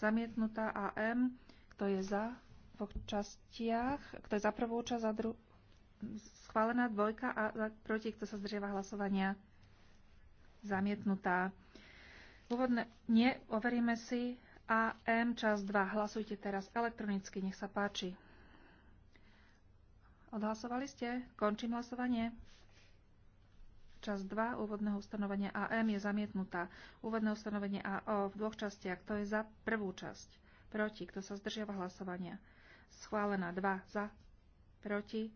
Zamietnutá AM, kto je za, v častiach, kto je za prvú časť, za druhú, schválená dvojka a proti, kto sa zdržiava hlasovania zamietnutá. Úvodne nie, overíme si. A M čas 2. Hlasujte teraz elektronicky, nech sa páči. Odhlasovali ste? Končím hlasovanie. Čas 2 úvodného ustanovenia AM je zamietnutá. Úvodné ustanovenie AO v dvoch častiach. To je za prvú časť? Proti. Kto sa zdržiava hlasovania? Schválená 2 za. Proti.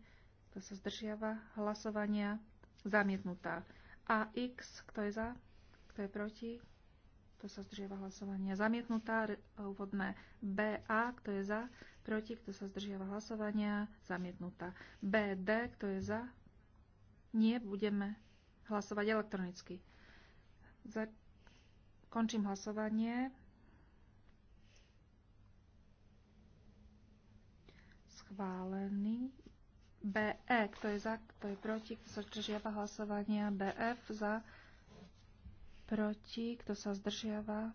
Kto sa zdržiava hlasovania? Zamietnutá. A X, kto je za, kto je proti, kto sa zdržiava hlasovania. Zamietnutá úvodné BA, kto je za, proti, kto sa zdržiava hlasovania. Zamietnutá BD, kto je za. Nie, budeme hlasovať elektronicky. Za... Končím hlasovanie. Schválený BE, kto je za, kto je proti, kto sa zdržiava hlasovania, BF za, proti, kto sa zdržiava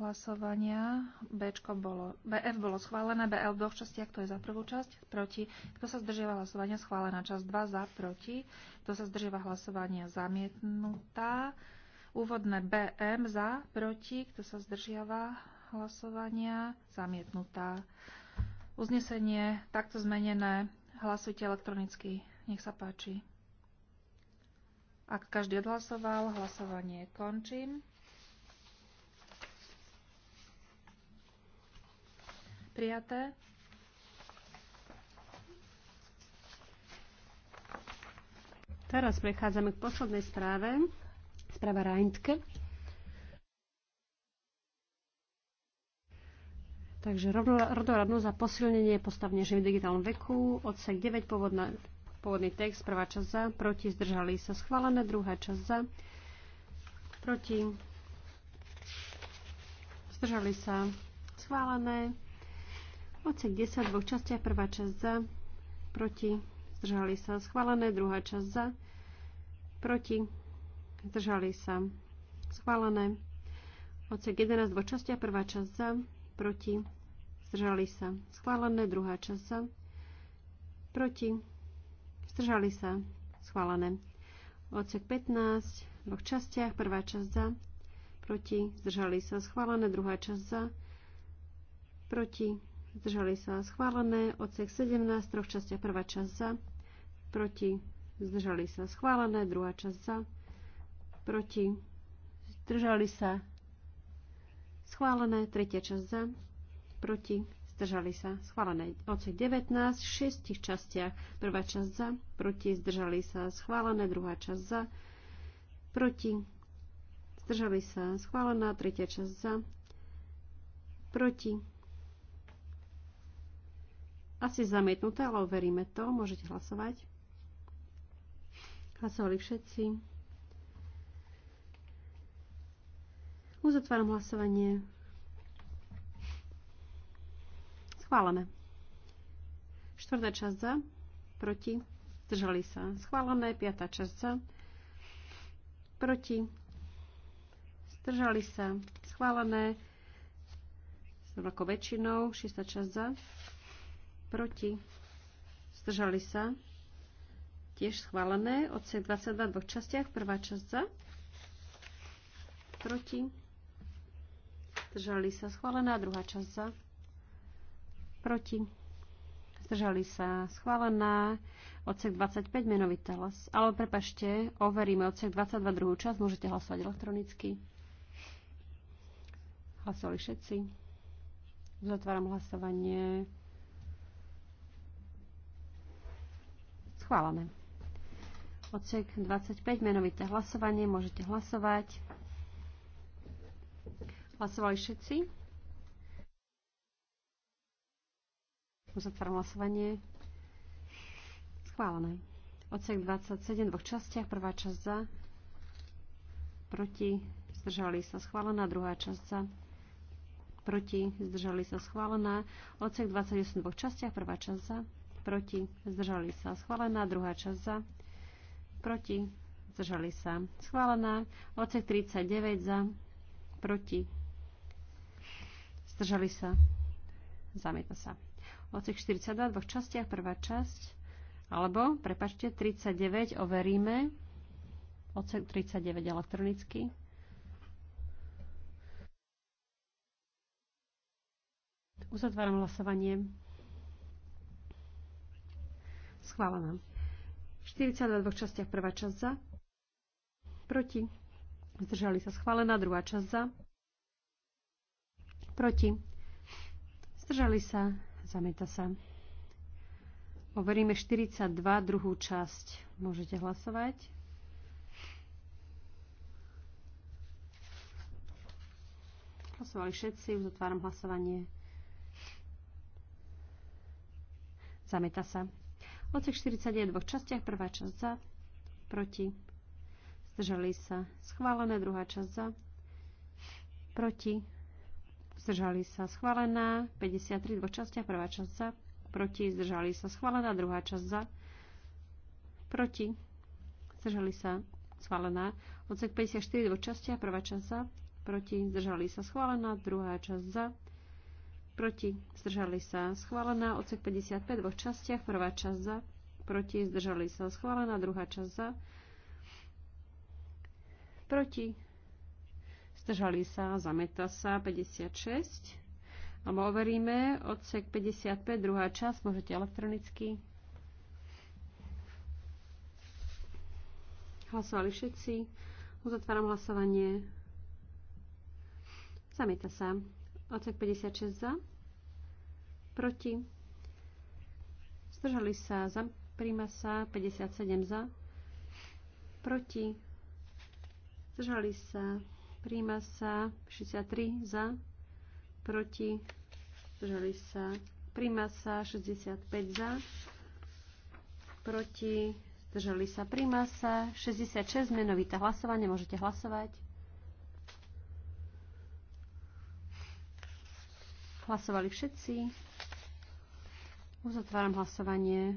hlasovania, Bčko bolo, BF bolo schválené, BL v dvoch častiach, kto je za prvú časť, proti, kto sa zdržiava hlasovania, schválená časť 2, za, proti, kto sa zdržiava hlasovania, zamietnutá, úvodné BM za, proti, kto sa zdržiava hlasovania, zamietnutá. Uznesenie takto zmenené Hlasujte elektronicky. Nech sa páči. Ak každý odhlasoval, hlasovanie končím. Prijaté. Teraz prechádzame k poslednej správe. Správa Reintke. Takže rodoradnosť a posilnenie postavne ženy v digitálnom veku, odsek 9, pôvodná, pôvodný text, prvá časť za, proti, zdržali sa schválené, druhá časť za, proti, zdržali sa schválené, odsek 10, dvoch častiach, prvá časť za, proti, zdržali sa schválené, druhá časť za, proti, zdržali sa schválené, odsek 11, dvoch častiach, prvá časť za, proti, Zdržali sa. Schválené. Druhá časa. Proti. Zdržali sa. Schválené. Odsek 15 v dvoch častiach. Prvá časť za. Proti. Zdržali sa. Schválené. Druhá časť za. Proti. Zdržali sa. Schválené. Odsek 17 v troch častiach. Prvá časť za. Proti. Zdržali sa. Schválené. Druhá časť za. Proti. Zdržali sa. Schválené. Tretia časť za proti, zdržali sa, schválené. Odsek 19 v šestich častiach. Prvá časť za, proti, zdržali sa, schválené. Druhá časť za, proti, zdržali sa, schválená. Tretia časť za, proti. Asi zamietnuté, ale overíme to. Môžete hlasovať. Hlasovali všetci. Uzatváram hlasovanie. Schválené. Štvrtá časť za, proti, zdržali sa. Schválené. Piatá časť za, proti, zdržali sa. Schválené. S rovnakou väčšinou. Šiesta časť za, proti, zdržali sa. Tiež schválené. Odsek 22 v dvoch častiach. Prvá časť za, proti, zdržali sa. Schválená druhá časť za proti, zdržali sa, schválená. Odsek 25, menovité hlas. Ale prepašte, overíme odsek 22, druhú časť. Môžete hlasovať elektronicky. Hlasovali všetci. Zatváram hlasovanie. Schválené. Odsek 25, menovité hlasovanie. Môžete hlasovať. Hlasovali všetci. Uzatváram hlasovanie. Schválené. Odsek 27 v dvoch častiach. Prvá časť za. Proti. Zdržali sa schválená. Druhá časť za. Proti. Zdržali sa schválená. Odsek 28 v dvoch častiach. Prvá časť za. Proti. Zdržali sa schválená. Druhá časť za. Proti. Zdržali sa schválená. Odsek 39 za. Proti. Zdržali sa. Zamieta sa odsek 42 v dvoch častiach, prvá časť, alebo, prepačte, 39 overíme, odsek 39 elektronicky. Uzatváram hlasovanie. Schválená. 42 dvoch častiach prvá časť za. Proti. Zdržali sa schválená druhá časť za. Proti. Zdržali sa Zameta sa. Overíme 42, druhú časť. Môžete hlasovať. Hlasovali všetci, otváram hlasovanie. Zamieta sa. Odsek 40 je v dvoch častiach. Prvá časť za, proti. Zdržali sa. Schválené druhá časť za, proti zdržali sa schválená, 53 dvočastia prvá časť za, proti, zdržali sa schválená, druhá časť za, proti, zdržali sa schválená, odsek 54 dvočastia prvá časť za, proti, zdržali sa schválená, druhá časť za, proti, zdržali sa schválená, odsek 55 dvoch častiach, prvá časť za, proti, zdržali sa schválená, druhá časť za, proti, zdržali sa, zameta sa, 56. Alebo overíme odsek 55, druhá časť, môžete elektronicky. Hlasovali všetci. Uzatváram hlasovanie. Zamieta sa. Odsek 56 za. Proti. Zdržali sa. Zam, príjma sa. 57 za. Proti. Zdržali sa. Príjma sa 63 za, proti, zdržali sa. Príjma sa 65 za, proti, zdržali sa. Príjma sa 66 menovité hlasovanie, môžete hlasovať. Hlasovali všetci. Uzatváram hlasovanie.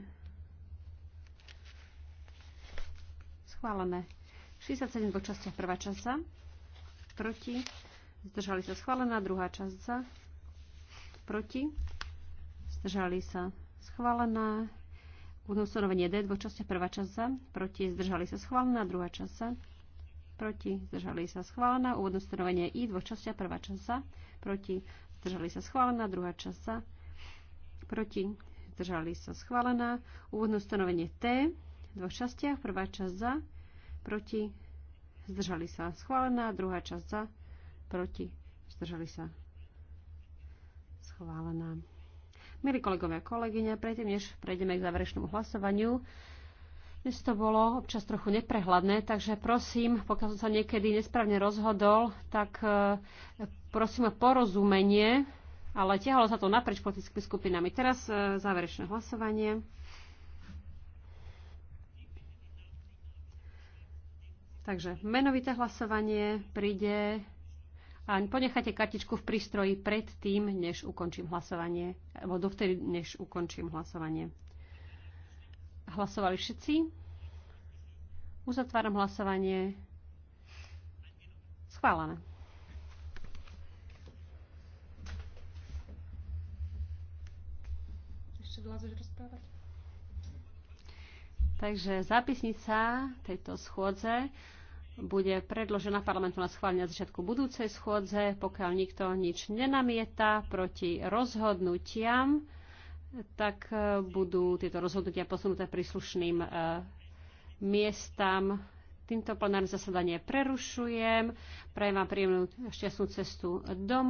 Schválené. 67 po častiach prvá časa proti, zdržali sa schválená, druhá časť za, proti, zdržali sa schválená, ustanovenie D, dvočasť, prvá časť za, proti, zdržali sa schválená, druhá časť za, proti, zdržali sa schválená, úvodné ustanovenie I, dvočasť, prvá časť za, proti, zdržali sa schválená, druhá časť za, proti, zdržali sa schválená, úvodné ustanovenie T, v dvoch častiach, prvá časť za, proti, zdržali sa schválená, druhá časť za, proti, zdržali sa schválená. Milí kolegovia a kolegyne, predtým, než prejdeme k záverečnému hlasovaniu, dnes to bolo občas trochu neprehľadné, takže prosím, pokiaľ som sa niekedy nesprávne rozhodol, tak e, prosím o porozumenie, ale ťahalo sa to naprieč politickými skupinami. Teraz e, záverečné hlasovanie. Takže menovité hlasovanie príde a ponechajte kartičku v prístroji pred tým, než ukončím hlasovanie, alebo dovtedy, než ukončím hlasovanie. Hlasovali všetci? Uzatváram hlasovanie. Schválené. Ešte vlázeš rozprávať? Takže zápisnica tejto schôdze bude predložená parlamentu na schválenie na začiatku budúcej schôdze, pokiaľ nikto nič nenamieta proti rozhodnutiam tak e, budú tieto rozhodnutia posunuté príslušným e, miestam. Týmto plenárne zasadanie prerušujem. Prajem vám príjemnú šťastnú cestu domov.